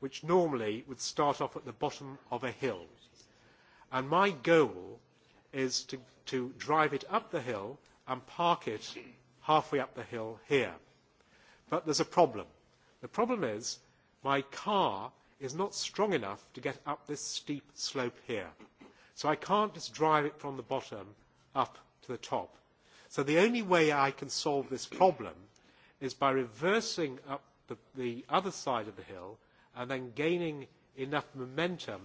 which normally would start off at the bottom of a hill. And my goal is to drive it up the hill and park it halfway up the hill here. But there's a problem. The problem is my car is not strong enough to get up this steep slope here. So I can't just drive it from the bottom up to the top. So the only way I can solve this problem is by reversing up the other side of the hill and then gaining enough momentum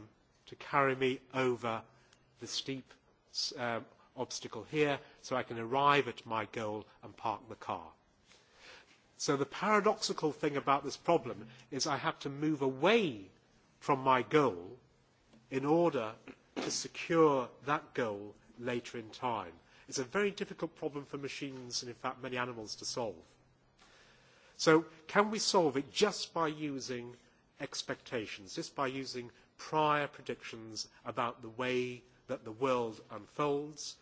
to carry me over the steep obstacle here so I can arrive at my goal and park the car. So the paradoxical thing about this problem is I have to move away from my goal in order to secure that goal later in time. It's a very difficult problem for machines and, in fact, many animals to solve. So can we solve it just by using expectations, just by using prior predictions about the way that the world unfolds?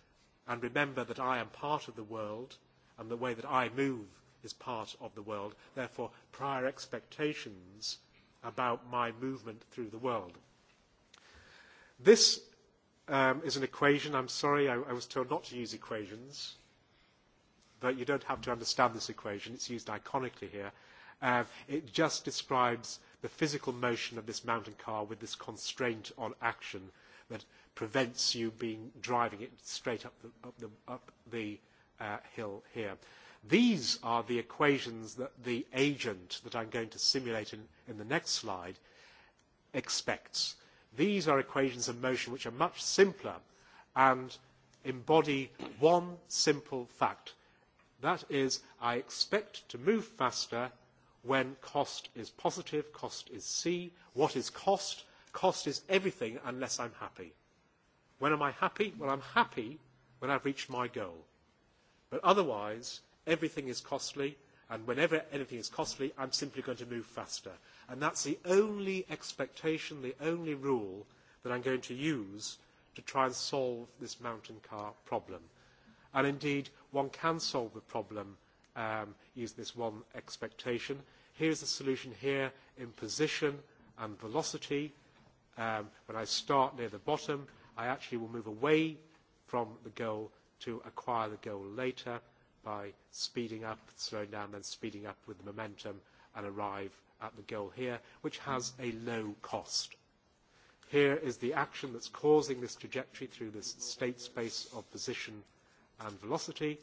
And remember that I am part of the world, and the way that I move is part of the world. Therefore, prior expectations about my movement through the world. This is an equation. I'm sorry, I was told not to use equations, but you don't have to understand this equation. It's used iconically here. It just describes the physical motion of this mountain car with this constraint on action that prevents you being driving it straight up the hill here. These are the equations that the agent that I'm going to simulate in the next slide expects. These are equations of motion which are much simpler and embody one simple fact. That is, I expect to move faster when cost is positive, cost is C. What is cost? Cost is everything unless I'm happy. When am I happy? Well, I'm happy when I've reached my goal. But otherwise, everything is costly, and whenever anything is costly, I'm simply going to move faster. And that's the only expectation, the only rule that I'm going to use to try and solve this mountain car problem. And indeed, one can solve the problem using this one expectation. Here is the solution here in position and velocity. When I start near the bottom, I actually will move away from the goal to acquire the goal later by speeding up, slowing down, then speeding up with the momentum and arrive at the goal here, which has a low cost. Here is the action that's causing this trajectory through this state space of position and velocity,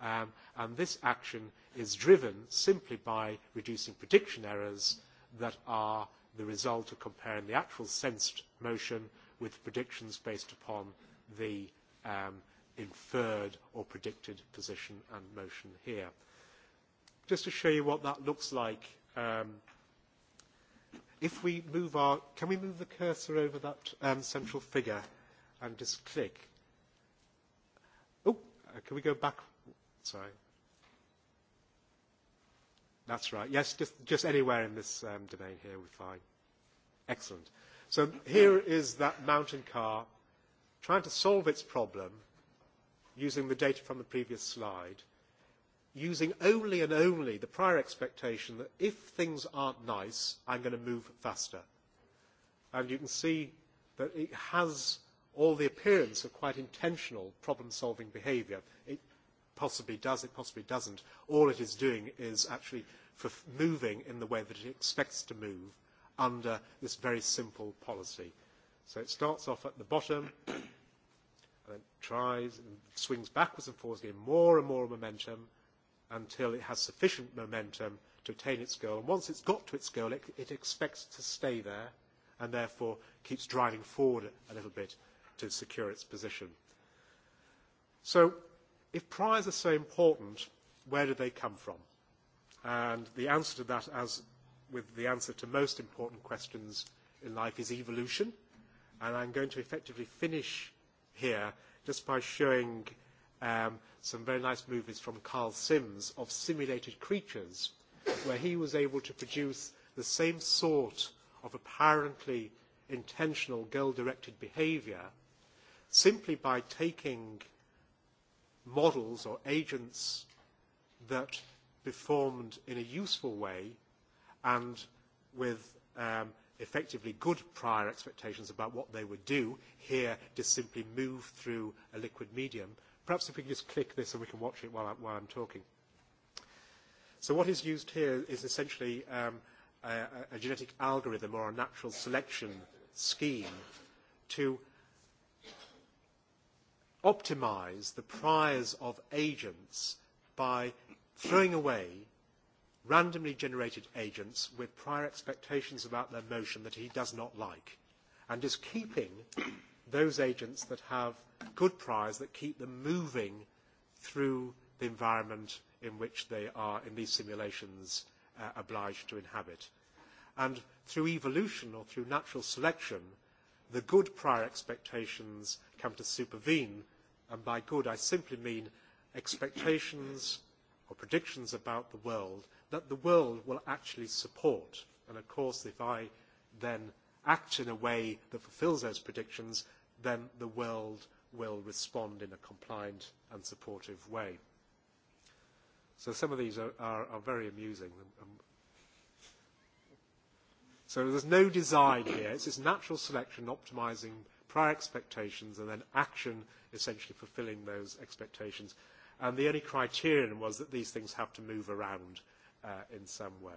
and this action is driven simply by reducing prediction errors that are the result of comparing the actual sensed motion with predictions based upon the inferred or predicted position and motion here just to show you what that looks like, if we move our, can we move the cursor over that central figure and just click? Oh, can we go back? Sorry. That's right. Yes, just, just anywhere in this um, domain here we're fine. Excellent. So here is that mountain car trying to solve its problem using the data from the previous slide using only and only the prior expectation that if things aren't nice, I'm going to move faster. And you can see that it has all the appearance of quite intentional problem-solving behaviour. It possibly does, it possibly doesn't. All it is doing is actually for moving in the way that it expects to move under this very simple policy. So it starts off at the bottom, and then tries and swings backwards and forwards, getting more and more momentum, until it has sufficient momentum to attain its goal. And once it's got to its goal, it expects to stay there and therefore keeps driving forward a little bit to secure its position. So if priors are so important, where do they come from? And the answer to that, as with the answer to most important questions in life, is evolution. And I'm going to effectively finish here just by showing some very nice movies from Carl Sims of simulated creatures, where he was able to produce the same sort of apparently intentional goal-directed behaviour simply by taking models or agents that performed in a useful way and with effectively good prior expectations about what they would do, here just simply move through a liquid medium, Perhaps if we can just click this and we can watch it while I'm talking. So what is used here is essentially a genetic algorithm or a natural selection scheme to optimize the priors of agents by throwing away randomly generated agents with prior expectations about their motion that he does not like and is keeping those agents that have good priors that keep them moving through the environment in which they are in these simulations obliged to inhabit. And through evolution or through natural selection, the good prior expectations come to supervene, and by good I simply mean expectations or predictions about the world that the world will actually support. And of course, if I then act in a way that fulfills those predictions, then the world will respond in a compliant and supportive way. So some of these are, are, very amusing. So there's no design here. It's this natural selection optimizing prior expectations and then action essentially fulfilling those expectations. And the only criterion was that these things have to move around in some way.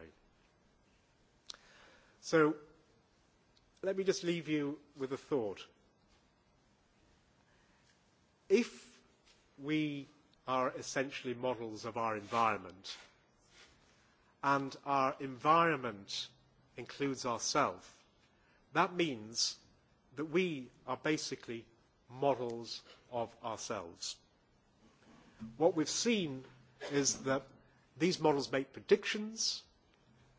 So let me just leave you with a thought. If we are essentially models of our environment, and our environment includes ourselves, that means that we are basically models of ourselves. What we've seen is that these models make predictions,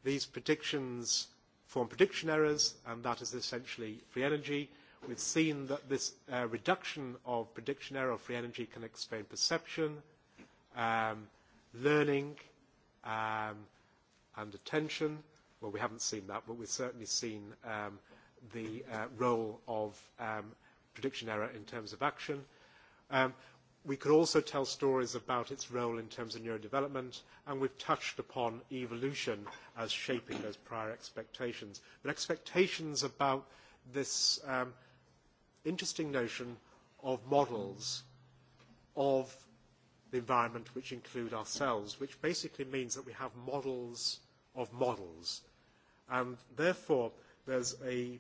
these predictions prediction errors, and that is essentially free energy. We've seen that this reduction of prediction error of free energy can explain perception, learning, and attention. Well, we haven't seen that, but we've certainly seen the role of prediction error in terms of action. We could also tell stories about its role in terms of neurodevelopment, and we've touched upon evolution as shaping those prior expectations. But expectations about this interesting notion of models of the environment which include ourselves, which basically means that we have models of models. And therefore, there's a,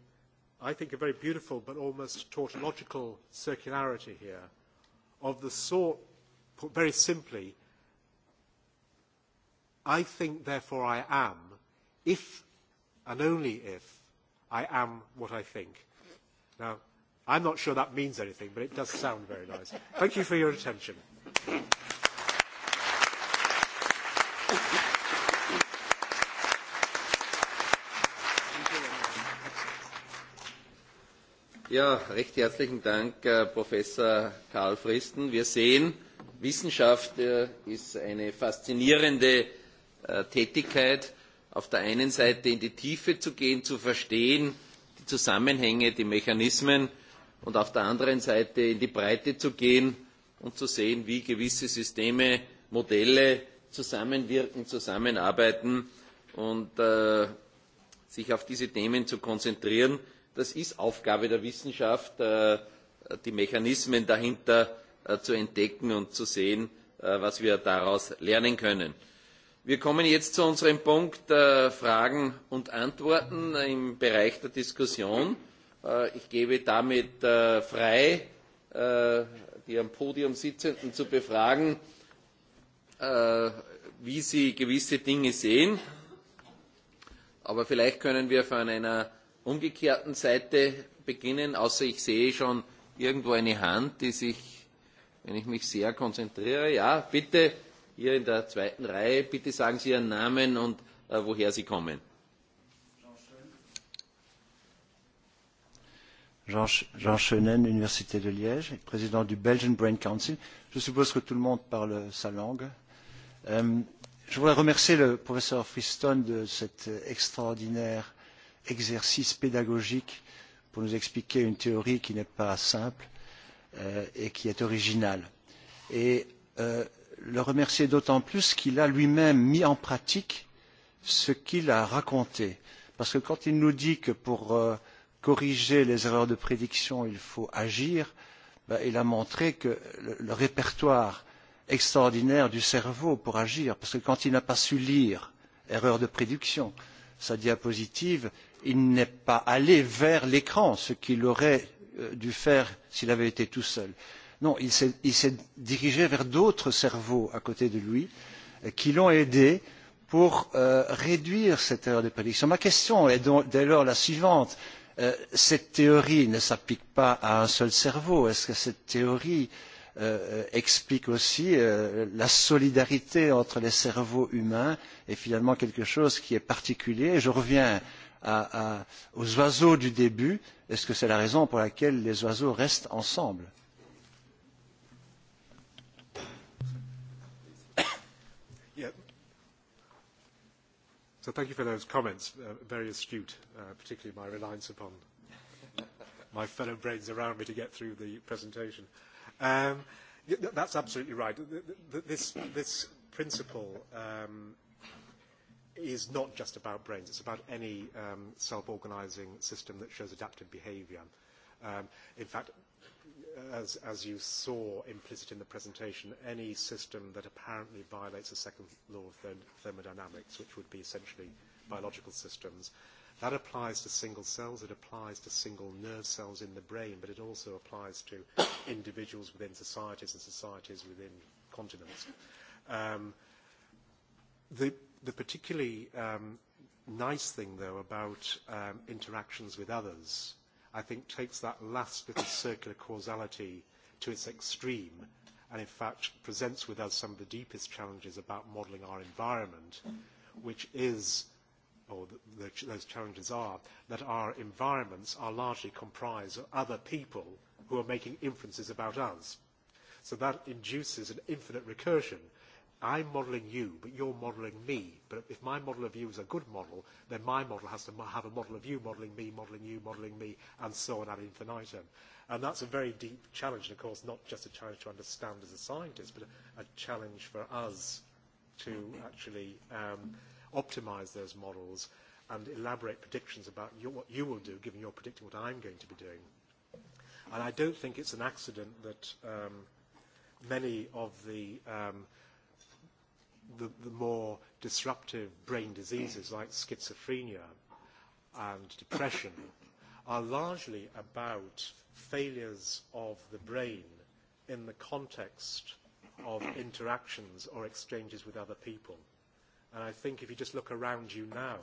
I think, a very beautiful but almost tautological circularity here of the sort, put very simply, I think, therefore I am, if and only if I am what I think. Now, I'm not sure that means anything, but it does sound very nice. Thank you for your attention. Ja, recht herzlichen Dank, Professor Karl Fristen. Wir sehen, Wissenschaft ist eine faszinierende Tätigkeit, auf der einen Seite in die Tiefe zu gehen, zu verstehen, die Zusammenhänge, die Mechanismen und auf der anderen Seite in die Breite zu gehen und zu sehen, wie gewisse Systeme, Modelle zusammenwirken, zusammenarbeiten und sich auf diese Themen zu konzentrieren das ist Aufgabe der Wissenschaft, die Mechanismen dahinter zu entdecken und zu sehen, was wir daraus lernen können. Wir kommen jetzt zu unserem Punkt Fragen und Antworten im Bereich der Diskussion. Ich gebe damit frei, die am Podium Sitzenden zu befragen, wie sie gewisse Dinge sehen. Aber vielleicht können wir von einer umgekehrten Seite beginnen, außer ich sehe schon irgendwo eine Hand, die sich, wenn ich mich sehr konzentriere, ja, bitte, hier in der zweiten Reihe, bitte sagen Sie Ihren Namen und woher Sie kommen. Jean Chenin, Université de Liège, président du Belgian Brain Council. Je suppose que tout le monde parle sa langue. Je voudrais remercier le professeur Friston de cette extraordinaire exercice pédagogique pour nous expliquer une théorie qui n'est pas simple et qui est originale. Et le remercier d'autant plus qu'il a lui-même mis en pratique ce qu'il a raconté. Parce que quand il nous dit que pour corriger les erreurs de prédiction, il faut agir, il a montré que le répertoire extraordinaire du cerveau pour agir, parce que quand il n'a pas su lire erreur de prédiction, sa diapositive, il n'est pas allé vers l'écran ce qu'il aurait dû faire s'il avait été tout seul. non il s'est dirigé vers d'autres cerveaux à côté de lui qui l'ont aidé pour réduire cette erreur de prédiction. ma question est dès lors la suivante cette théorie ne s'applique pas à un seul cerveau est ce que cette théorie explique aussi la solidarité entre les cerveaux humains et finalement quelque chose qui est particulier? je reviens aux oiseaux du début est ce que c'est la raison pour laquelle les oiseaux restent ensemble? So thank you for those comments, very astute, particularly my reliance upon my fellow brains around me to get through the presentation. Um, That's absolutely right. This this principle um, is not just about brains. It's about any self-organizing system that shows adaptive behavior. In fact, as as you saw implicit in the presentation, any system that apparently violates the second law of thermodynamics, which would be essentially biological systems, that applies to single cells, it applies to single nerve cells in the brain, but it also applies to individuals within societies and societies within continents. The The particularly nice thing, though, about interactions with others, I think, takes that last bit of circular causality to its extreme and, in fact, presents with us some of the deepest challenges about modelling our environment, which is, or those challenges are, that our environments are largely comprised of other people who are making inferences about us. So that induces an infinite recursion I'm modelling you, but you're modelling me. But if my model of you is a good model, then my model has to have a model of you modelling me, modelling you, modelling me, and so on ad infinitum. And that's a very deep challenge, and of course not just a challenge to understand as a scientist, but a challenge for us to actually um, optimise those models and elaborate predictions about what you will do, given you're predicting what I'm going to be doing. And I don't think it's an accident that um, many of the um, – the more disruptive brain diseases like schizophrenia and depression are largely about failures of the brain in the context of interactions or exchanges with other people. And I think if you just look around you now,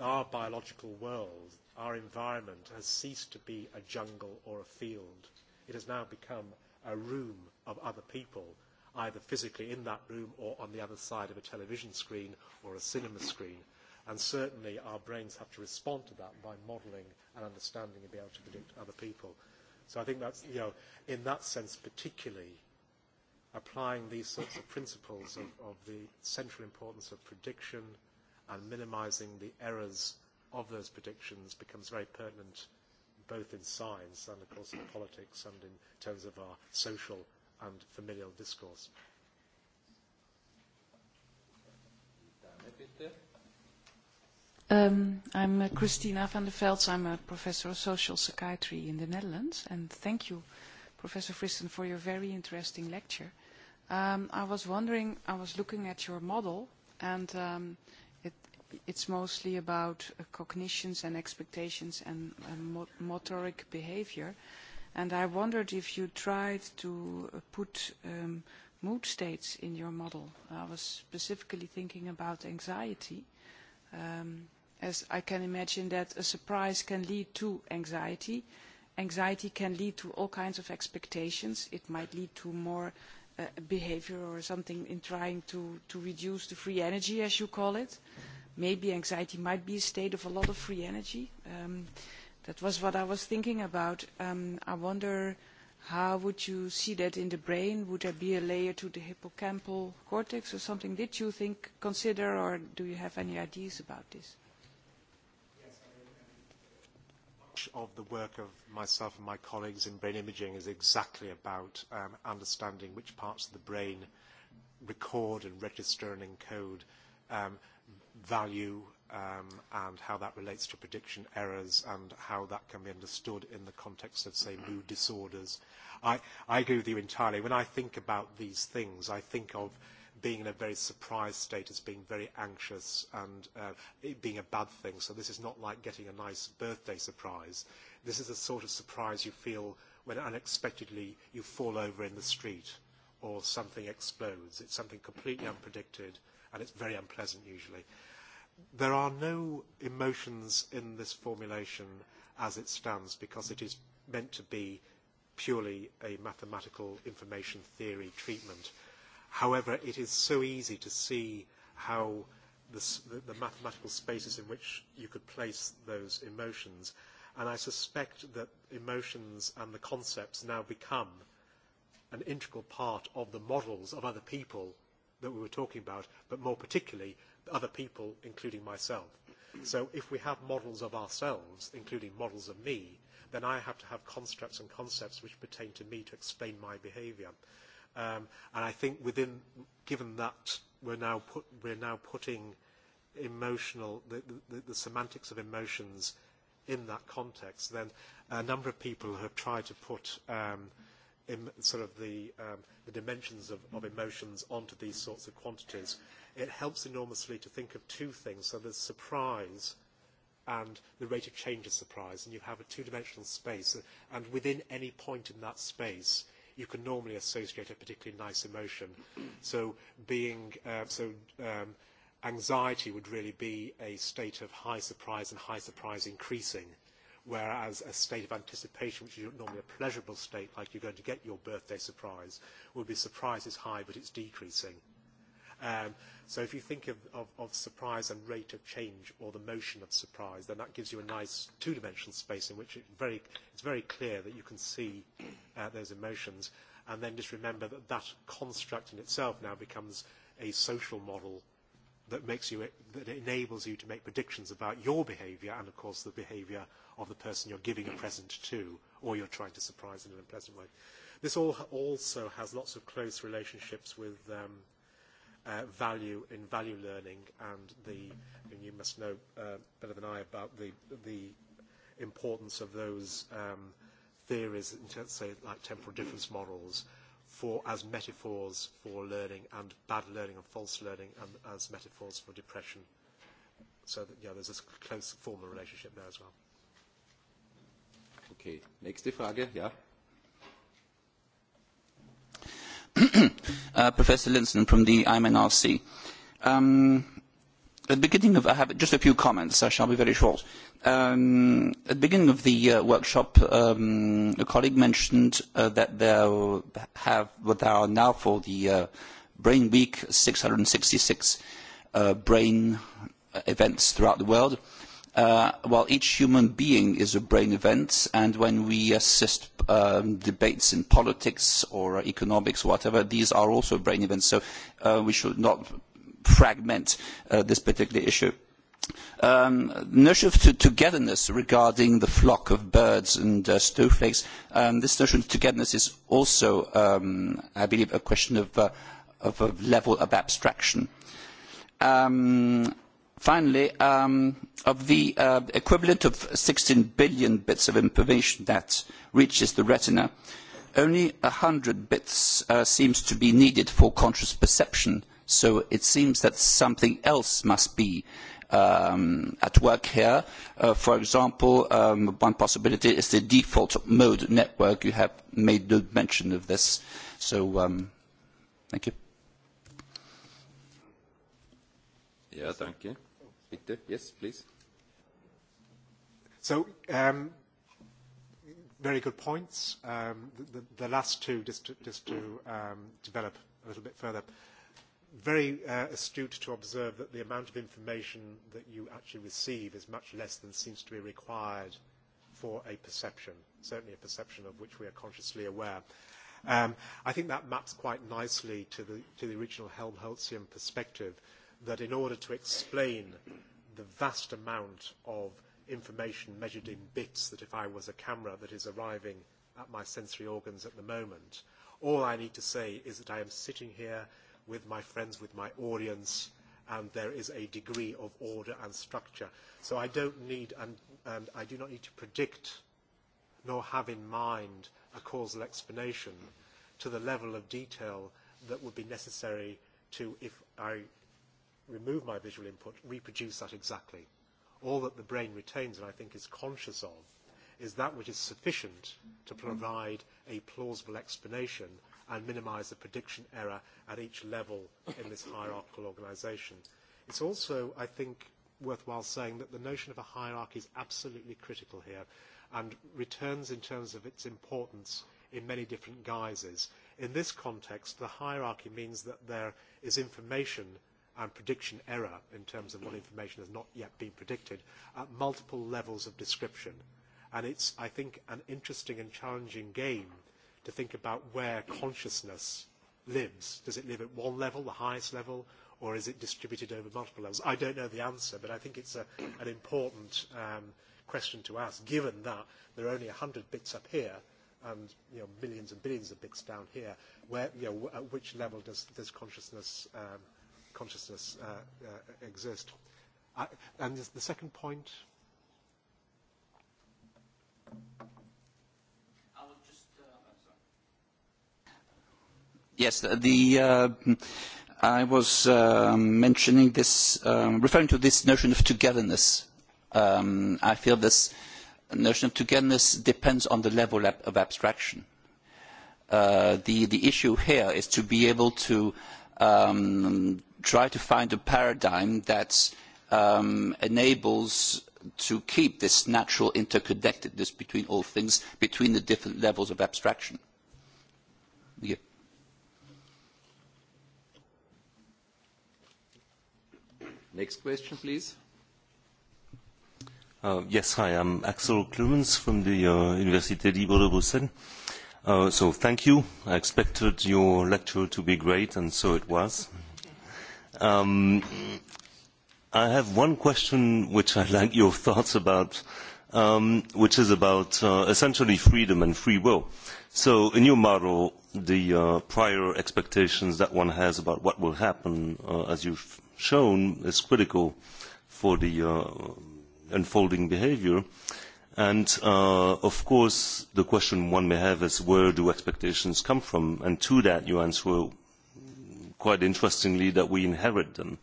our biological world, our environment has ceased to be a jungle or a field. It has now become a room of other people either physically in that room or on the other side of a television screen or a cinema screen. And certainly our brains have to respond to that by modelling and understanding and be able to predict other people. So I think that's, you know, in that sense particularly, applying these sorts of principles of, of the central importance of prediction and minimising the errors of those predictions becomes very pertinent both in science and, of course, in politics and in terms of our social and familial discourse. I'm Christina van der Velds. I'm a professor of social psychiatry in the Netherlands. And thank you, Professor Fristen, for your very interesting lecture. Um I was wondering, I was looking at your model, and um it it's mostly about cognitions and expectations and motoric behavior. And I wondered if you tried to put mood states in your model. I was specifically thinking about anxiety, as I can imagine that a surprise can lead to anxiety. Anxiety can lead to all kinds of expectations. It might lead to more behavior or something in trying to reduce the free energy, as you call it. Maybe anxiety might be a state of a lot of free energy. That was what I was thinking about. I wonder how would you see that in the brain? Would there be a layer to the hippocampal cortex or something? Did you think, consider, or do you have any ideas about this? Much of the work of myself and my colleagues in brain imaging is exactly about understanding which parts of the brain record and register and encode value and how that relates to prediction errors and how that can be understood in the context of, say, mood disorders. I agree with you entirely. When I think about these things, I think of being in a very surprised state as being very anxious and it being a bad thing. So this is not like getting a nice birthday surprise. This is the sort of surprise you feel when unexpectedly you fall over in the street or something explodes. It's something completely unpredicted and it's very unpleasant usually. There are no emotions in this formulation as it stands because it is meant to be purely a mathematical information theory treatment. However, it is so easy to see how the mathematical spaces in which you could place those emotions. And I suspect that emotions and the concepts now become an integral part of the models of other people that we were talking about, but more particularly other people, including myself. So if we have models of ourselves, including models of me, then I have to have constructs and concepts which pertain to me to explain my behaviour. And I think within, given that we're now put, we're now putting emotional, the, the, the semantics of emotions in that context, then a number of people have tried to put um, sort of the the dimensions of emotions onto these sorts of quantities, it helps enormously to think of two things. So there's surprise and the rate of change of surprise, and you have a two-dimensional space. And within any point in that space, you can normally associate a particularly nice emotion. So being so anxiety would really be a state of high surprise and high surprise increasing whereas a state of anticipation, which is normally a pleasurable state, like you're going to get your birthday surprise, will be surprise is high, but it's decreasing. So if you think of surprise and rate of change or the motion of surprise, then that gives you a nice two-dimensional space in which it very it's very clear that you can see those emotions. And then just remember that that construct in itself now becomes a social model that makes you that enables you to make predictions about your behaviour and of course the behaviour of the person you're giving a present to or you're trying to surprise in an unpleasant way. This all also has lots of close relationships with value in value learning and the you must know better than I about the the importance of those theories say like temporal difference models for as metaphors for learning and bad learning and false learning and as metaphors for depression. So that, yeah, there's a close formal relationship there as well. Okay, nächste Frage, ja. Professor Linson from the IMNRC. Um, At the beginning of, I have just a few comments. I shall be very short. At the beginning of the workshop, a colleague mentioned that there have, there are now for the Brain Week, 666 brain events throughout the world. While each human being is a brain event, and when we assist debates in politics or economics, or whatever, these are also brain events. So we should not fragment this particular issue. Notion of togetherness regarding the flock of birds and snowflakes. This notion of togetherness is also, I believe, a question of a level of abstraction. Finally, of the equivalent of 16 billion bits of information that reaches the retina, only 100 bits seems to be needed for conscious perception So it seems that something else must be at work here. For example, one possibility is the default mode network. You have made no mention of this. So thank you. Yeah, danke. Bitte, yes, please. So very good points. The last two, just to develop a little bit further very astute to observe that the amount of information that you actually receive is much less than seems to be required for a perception, certainly a perception of which we are consciously aware. I think that maps quite nicely to the, to the original Helmholtzian perspective that in order to explain the vast amount of information measured in bits that if I was a camera that is arriving at my sensory organs at the moment, all I need to say is that I am sitting here with my friends, with my audience, and there is a degree of order and structure. So I don't need and I do not need to predict nor have in mind a causal explanation to the level of detail that would be necessary to, if I remove my visual input, reproduce that exactly. All that the brain retains and I think is conscious of is that which is sufficient to provide a plausible explanation and minimise the prediction error at each level in this hierarchical organisation. It's also, I think, worthwhile saying that the notion of a hierarchy is absolutely critical here and returns in terms of its importance in many different guises. In this context, the hierarchy means that there is information and prediction error in terms of what information has not yet been predicted at multiple levels of description and it's i think an interesting and challenging game to think about where consciousness lives does it live at one level the highest level or is it distributed over multiple levels i don't know the answer but i think it's an important question to ask given that there are only 100 bits up here and millions and billions of bits down here where you know at which level does does consciousness consciousness exist and the second point Yes, the. I was mentioning this, referring to this notion of togetherness. I feel this notion of togetherness depends on the level of abstraction. The issue here is to be able to try to find a paradigm that enables to keep this natural interconnectedness between all things, between the different levels of abstraction. Next question, please. Yes, hi, I'm Axel Clumens from the Université Libre de Bruxelles. So thank you. I expected your lecture to be great, and so it was. I have one question which I like your thoughts about, which is about essentially freedom and free will. So in your model, the prior expectations that one has about what will happen, as you've shown, is critical for the unfolding behaviour. And, of course, the question one may have is where do expectations come from? And to that, you answer quite interestingly that we inherit them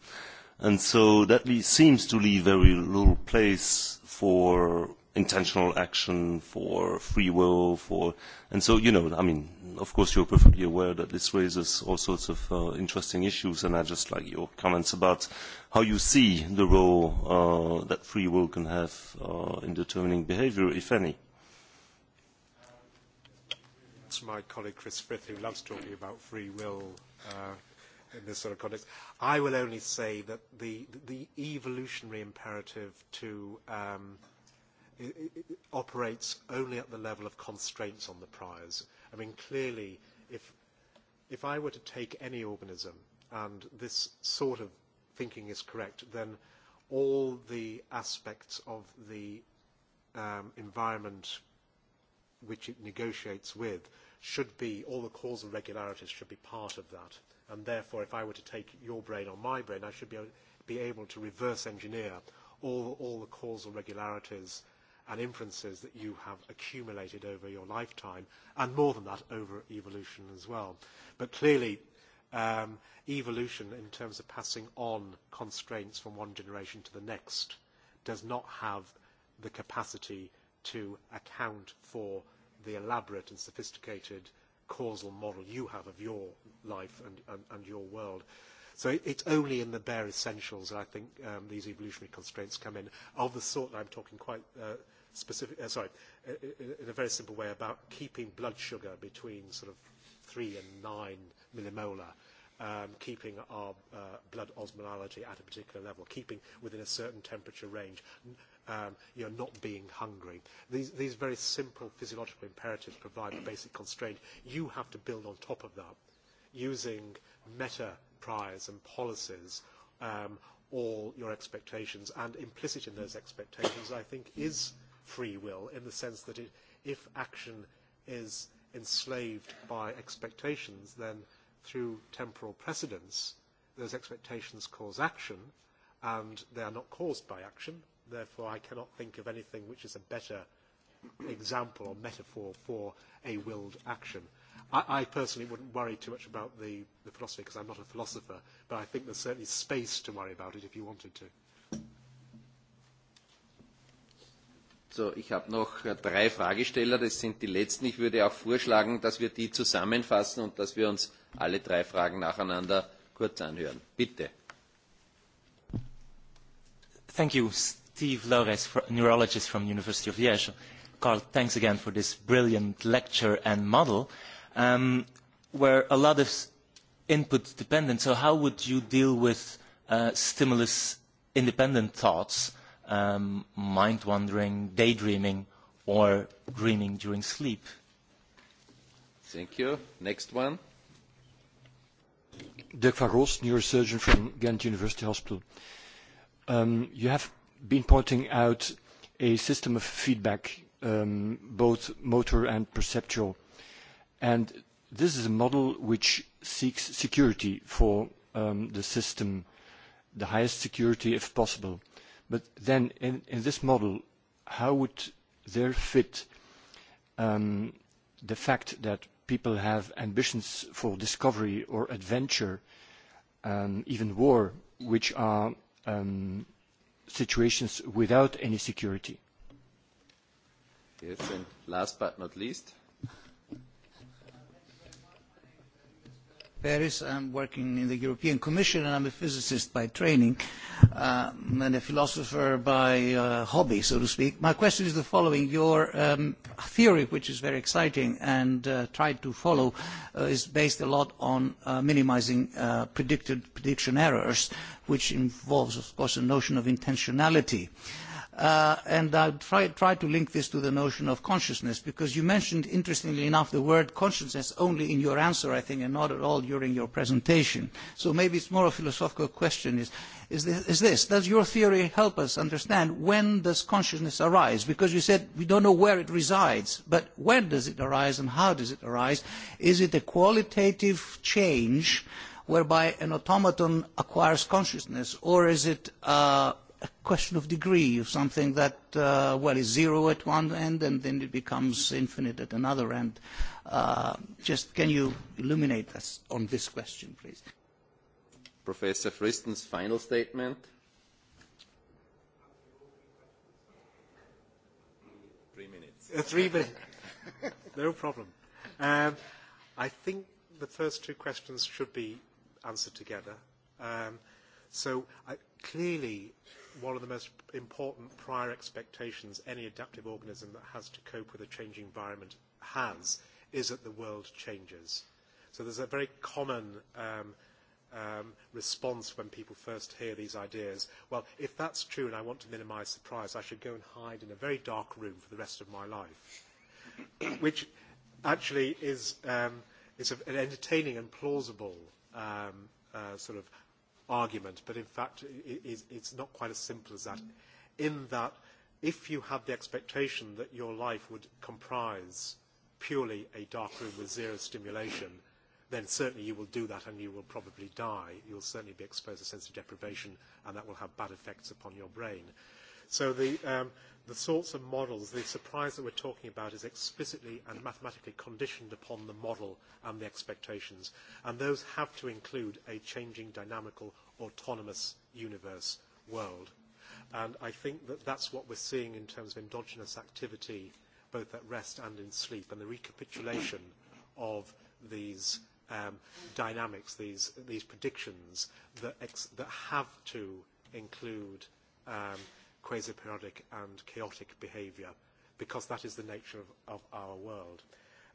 and so that seems to leave very little place for intentional action, for free will, for and so you know, I mean, of course you're perfectly aware that this raises all sorts of interesting issues, and I just like your comments about how you see the role that free will can have in determining behaviour, if any. That's my colleague Chris Frith, who loves talking about free will in this sort of context. I will only say that the the evolutionary imperative to operates only at the level of constraints on the priors. I mean, clearly, if if I were to take any organism and this sort of thinking is correct, then all the aspects of the environment which it negotiates with should be, all the causal regularities should be part of that and therefore if I were to take your brain or my brain, I should be able, to reverse engineer all, the causal regularities and inferences that you have accumulated over your lifetime, and more than that, over evolution as well. But clearly, evolution in terms of passing on constraints from one generation to the next does not have the capacity to account for the elaborate and sophisticated causal model you have of your life and and your world. So it's only in the bare essentials that I think these evolutionary constraints come in, of the sort that I'm talking quite specific, sorry, in a very simple way about keeping blood sugar between sort of three and nine millimolar, keeping our blood osmolality at a particular level, keeping within a certain temperature range, you know, not being hungry. These, these very simple physiological imperatives provide the basic constraint. You have to build on top of that using meta priors and policies um, all your expectations and implicit in those expectations I think is free will in the sense that if action is enslaved by expectations then through temporal precedence those expectations cause action and they are not caused by action Therefore, I cannot think of anything which is a better example or metaphor for a willed action. I I personally wouldn't worry too much about the philosophy because I'm not a philosopher, but I think there's certainly space to worry about it if you wanted to. So, ich habe noch drei Fragesteller, das sind die letzten. Ich würde auch vorschlagen, dass wir die zusammenfassen und dass wir uns alle drei Fragen nacheinander kurz anhören. Bitte. Thank you. Steve Lores, neurologist from University of Liège. Carl, thanks again for this brilliant lecture and model, where a lot of input dependent. So how would you deal with stimulus independent thoughts, mind wandering, daydreaming, or dreaming during sleep? Thank you. Next one. Dirk van Roos, neurosurgeon from Ghent University Hospital. You have been pointing out a system of feedback, both motor and perceptual. And this is a model which seeks security for the system, the highest security if possible. But then in this model, how would there fit the fact that people have ambitions for discovery or adventure, even war, which are situations without any security. last but not least Paris. I'm working in the European Commission and I'm a physicist by training and a philosopher by hobby, so to speak. My question is the following. Your theory, which is very exciting and tried to follow, is based a lot on minimizing prediction errors, which involves, of course, a notion of intentionality and I'll try to link this to the notion of consciousness, because you mentioned, interestingly enough, the word consciousness only in your answer, I think, and not at all during your presentation. So maybe it's more a philosophical question: is this? Does your theory help us understand when does consciousness arise? Because you said we don't know where it resides, but when does it arise and how does it arise? Is it a qualitative change, whereby an automaton acquires consciousness, or is it a question of degree, of something that, well, is zero at one end and then it becomes infinite at another end. Just can you illuminate us on this question, please? Professor Friston's final statement. Three minutes. Three minutes. No problem. I think the first two questions should be answered together. So I clearly one of the most important prior expectations any adaptive organism that has to cope with a changing environment has is that the world changes. So there's a very common response when people first hear these ideas. Well, if that's true and I want to minimise surprise, I should go and hide in a very dark room for the rest of my life, which actually is is an entertaining and plausible sort of argument, but in fact it it's not quite as simple as that, in that if you have the expectation that your life would comprise purely a dark room with zero stimulation, then certainly you will do that and you will probably die. You will certainly be exposed to of deprivation and that will have bad effects upon your brain. So the the sorts of models, the surprise that we're talking about is explicitly and mathematically conditioned upon the model and the expectations. And those have to include a changing, dynamical, autonomous universe world. And I think that that's what we're seeing in terms of endogenous activity, both at rest and in sleep, and the recapitulation of these dynamics, these predictions that have to include quasi-periodic and chaotic behaviour, because that is the nature of our world.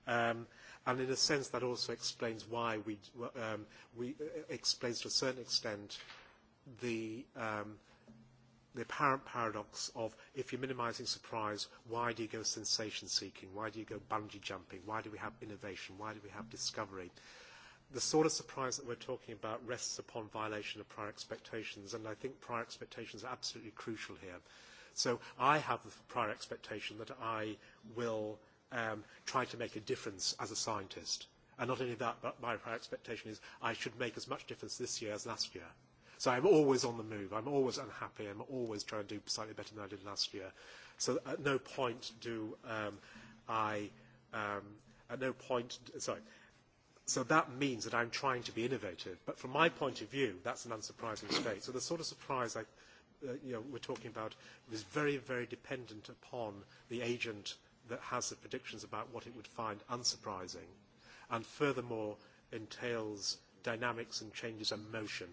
And in a sense, that also explains why we explains to a certain extent the apparent paradox of if you're minimising surprise, why do you go sensation seeking? Why do you go bungee jumping? Why do we have innovation? Why do we have discovery? the sort of surprise that we're talking about rests upon violation of prior expectations, and I think prior expectations are absolutely crucial here. So I have the prior expectation that I will try to make a difference as a scientist. And not only that, but my prior expectation is I should make as much difference this year as last year. So I'm always on the move. I'm always unhappy. I'm always trying to do slightly better than I did last year. So at no point do I, at no point, sorry, So that means that I'm trying to be innovative. But from my point of view, that's an unsurprising state. So the sort of surprise I, you know, we're talking about is very, very dependent upon the agent that has the predictions about what it would find unsurprising. And furthermore, entails dynamics and changes in motion.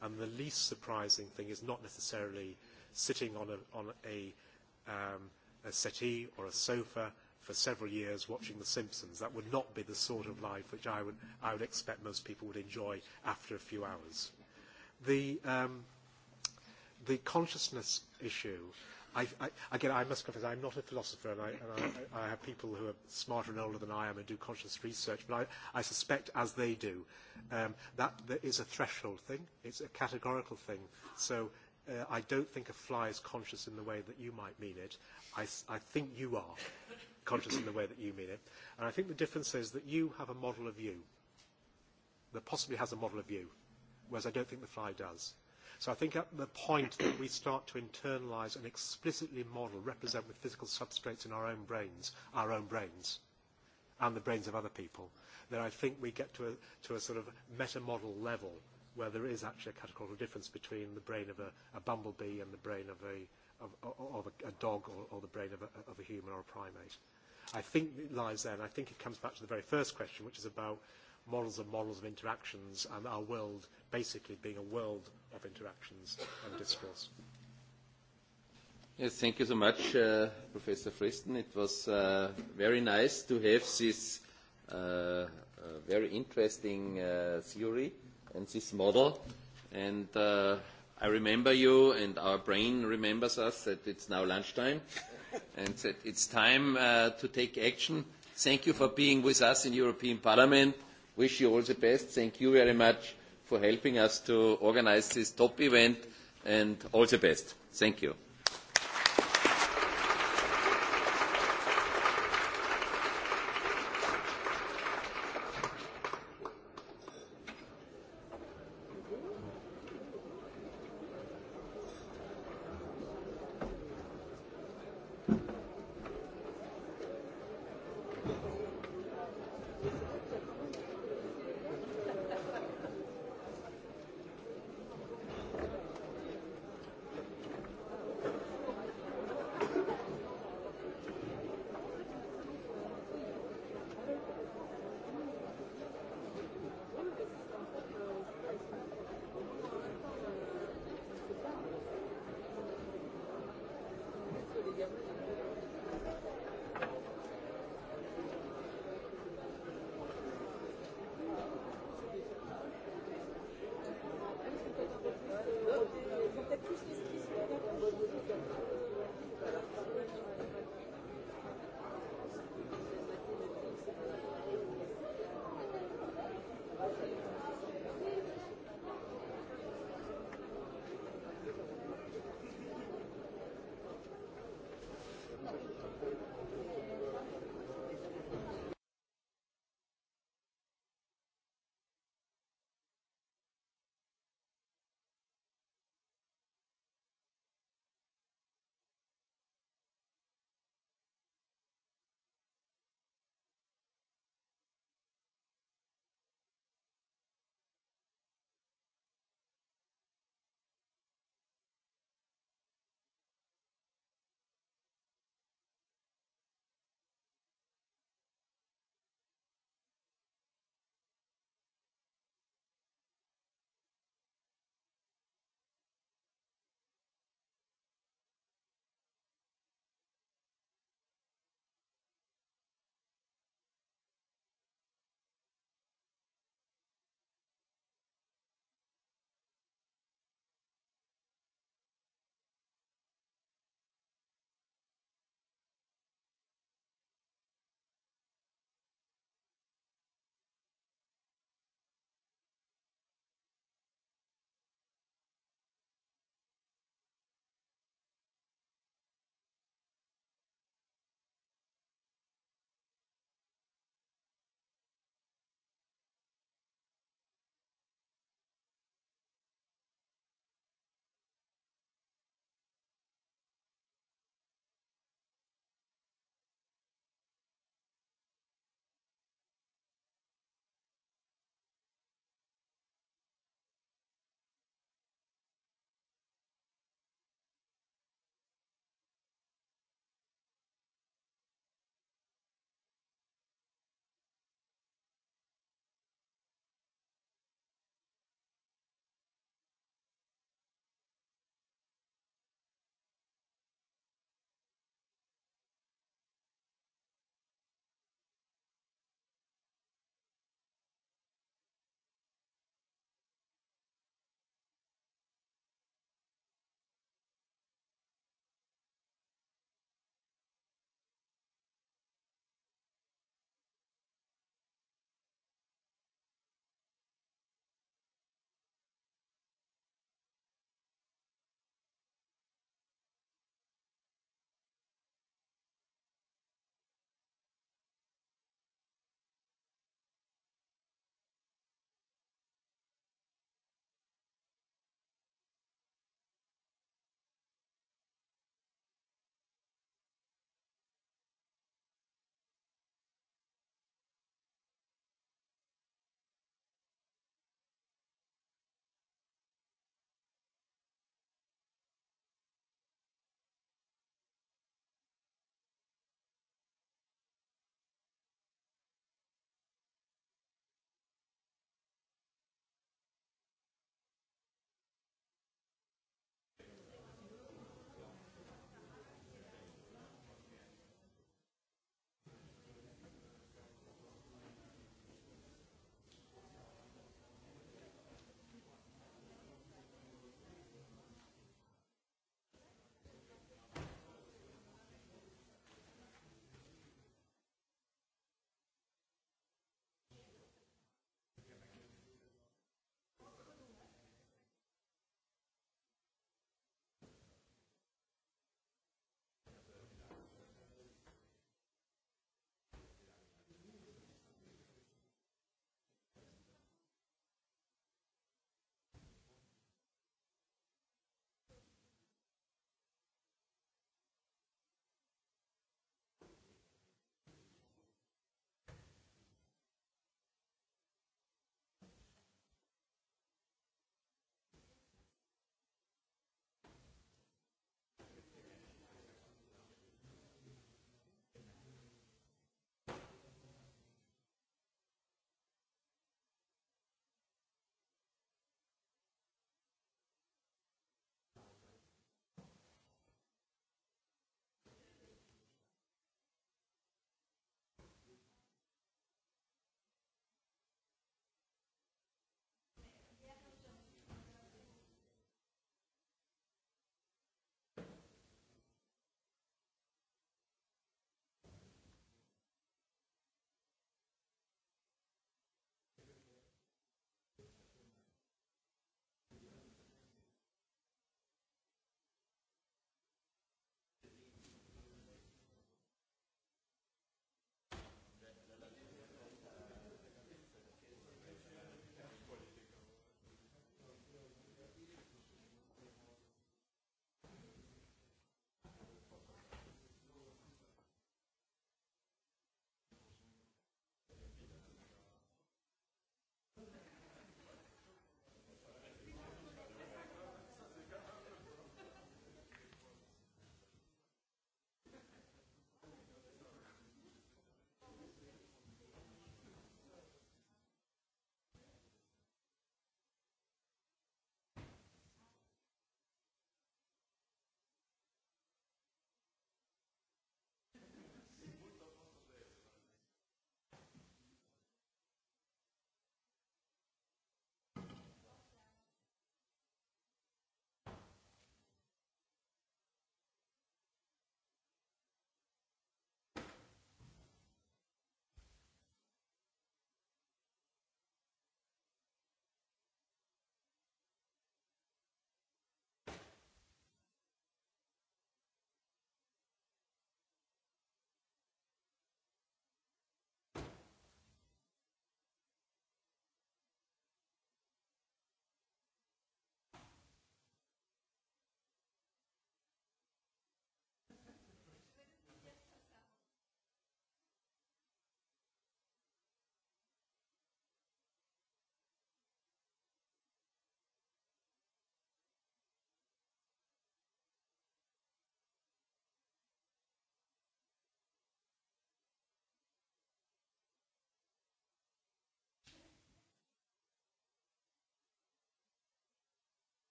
And the least surprising thing is not necessarily sitting on a, on a, um, a settee or a sofa for several years watching The Simpsons. That would not be the sort of life which I would, I would expect most people would enjoy after a few hours. The, um, the consciousness issue, I, I, again, I must confess, I'm not a philosopher, and, I, and I, I have people who are smarter and older than I am and do conscious research, but I, I suspect, as they do, um, that, that is a threshold thing. It's a categorical thing. So I don't think a fly is conscious in the way that you might mean it. I, I think you are conscious in the way that you mean it. And I think the difference is that you have a model of you that possibly has a model of you, whereas I don't think the fly does. So I think at the point that we start to internalise and explicitly model, represent with physical substrates in our own brains, our own brains, and the brains of other people, then I think we get to a, to a sort of meta-model level where there is actually a categorical difference between the brain of a, a bumblebee and the brain of a, of, of a, dog or, or the brain of a, of a human or a primate. I think it lies there, and I think it comes back to the very first question, which is about models and models of interactions and our world basically being a world of interactions and discourse. Yes, thank you so much, Professor Friston. It was very nice to have this very interesting theory and this model. And I remember you, and our brain remembers us that it's now lunchtime and said it's time to take action. Thank you for being with us in European Parliament. Wish you all the best. Thank you very much for helping us to organise this top event and all the best. Thank you.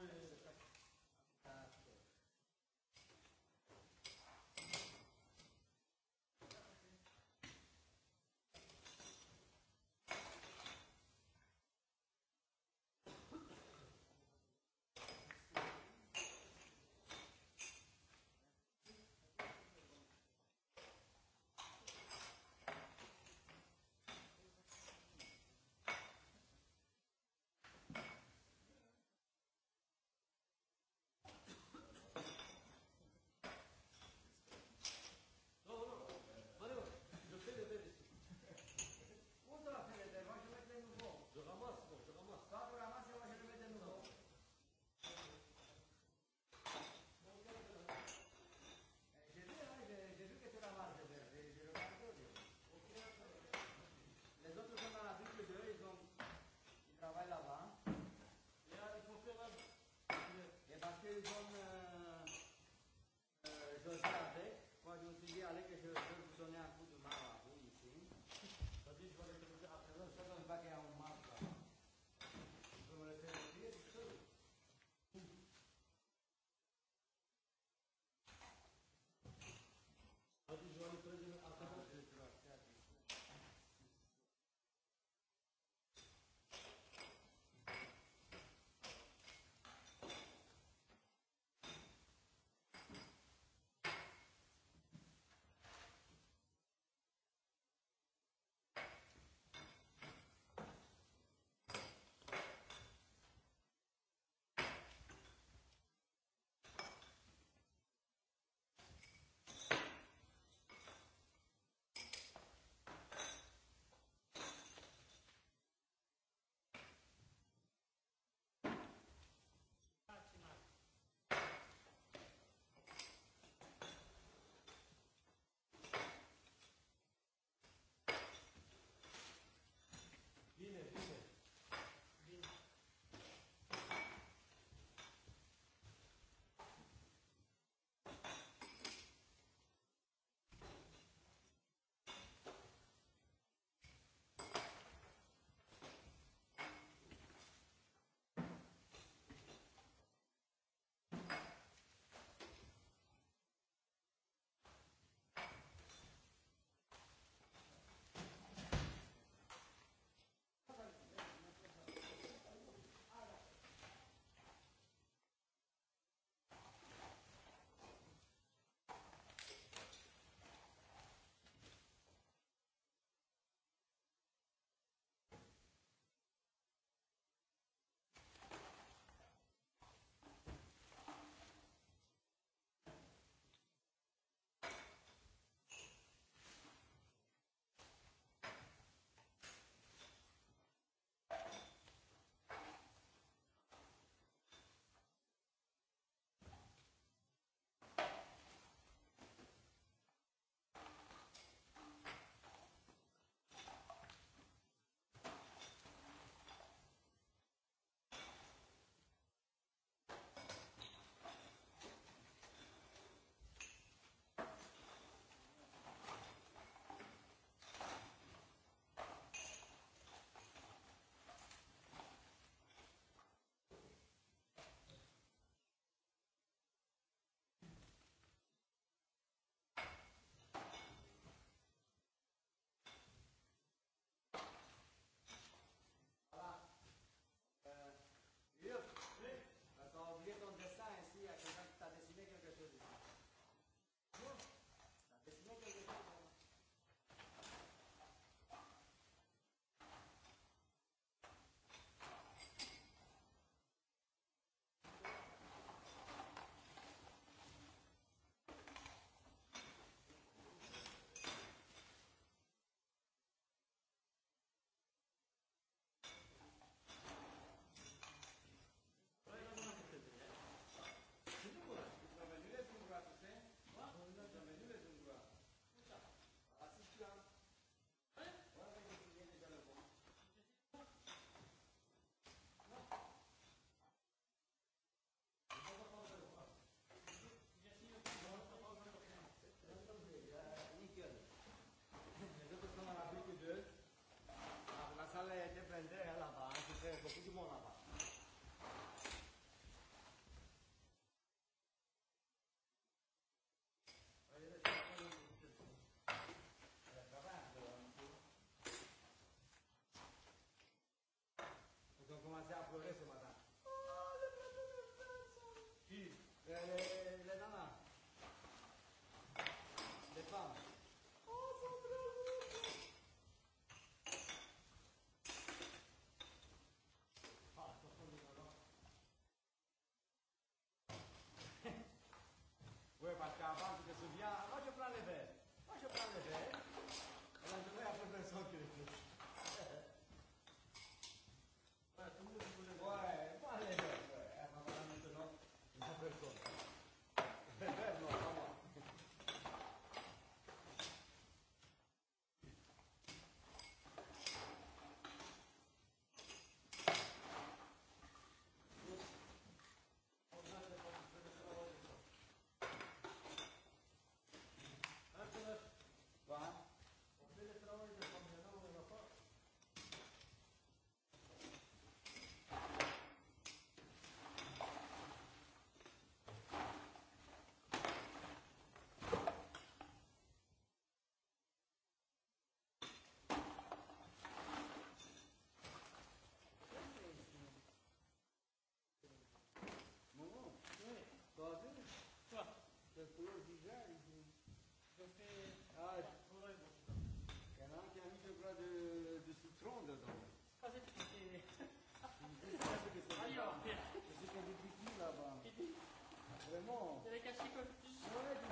doing tron dedans. Fast ett litet... Allora. Così con i bicchieri là. Vraiment. Delle caccicotti. Ouais,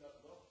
Υπότιτλοι AUTHORWAVE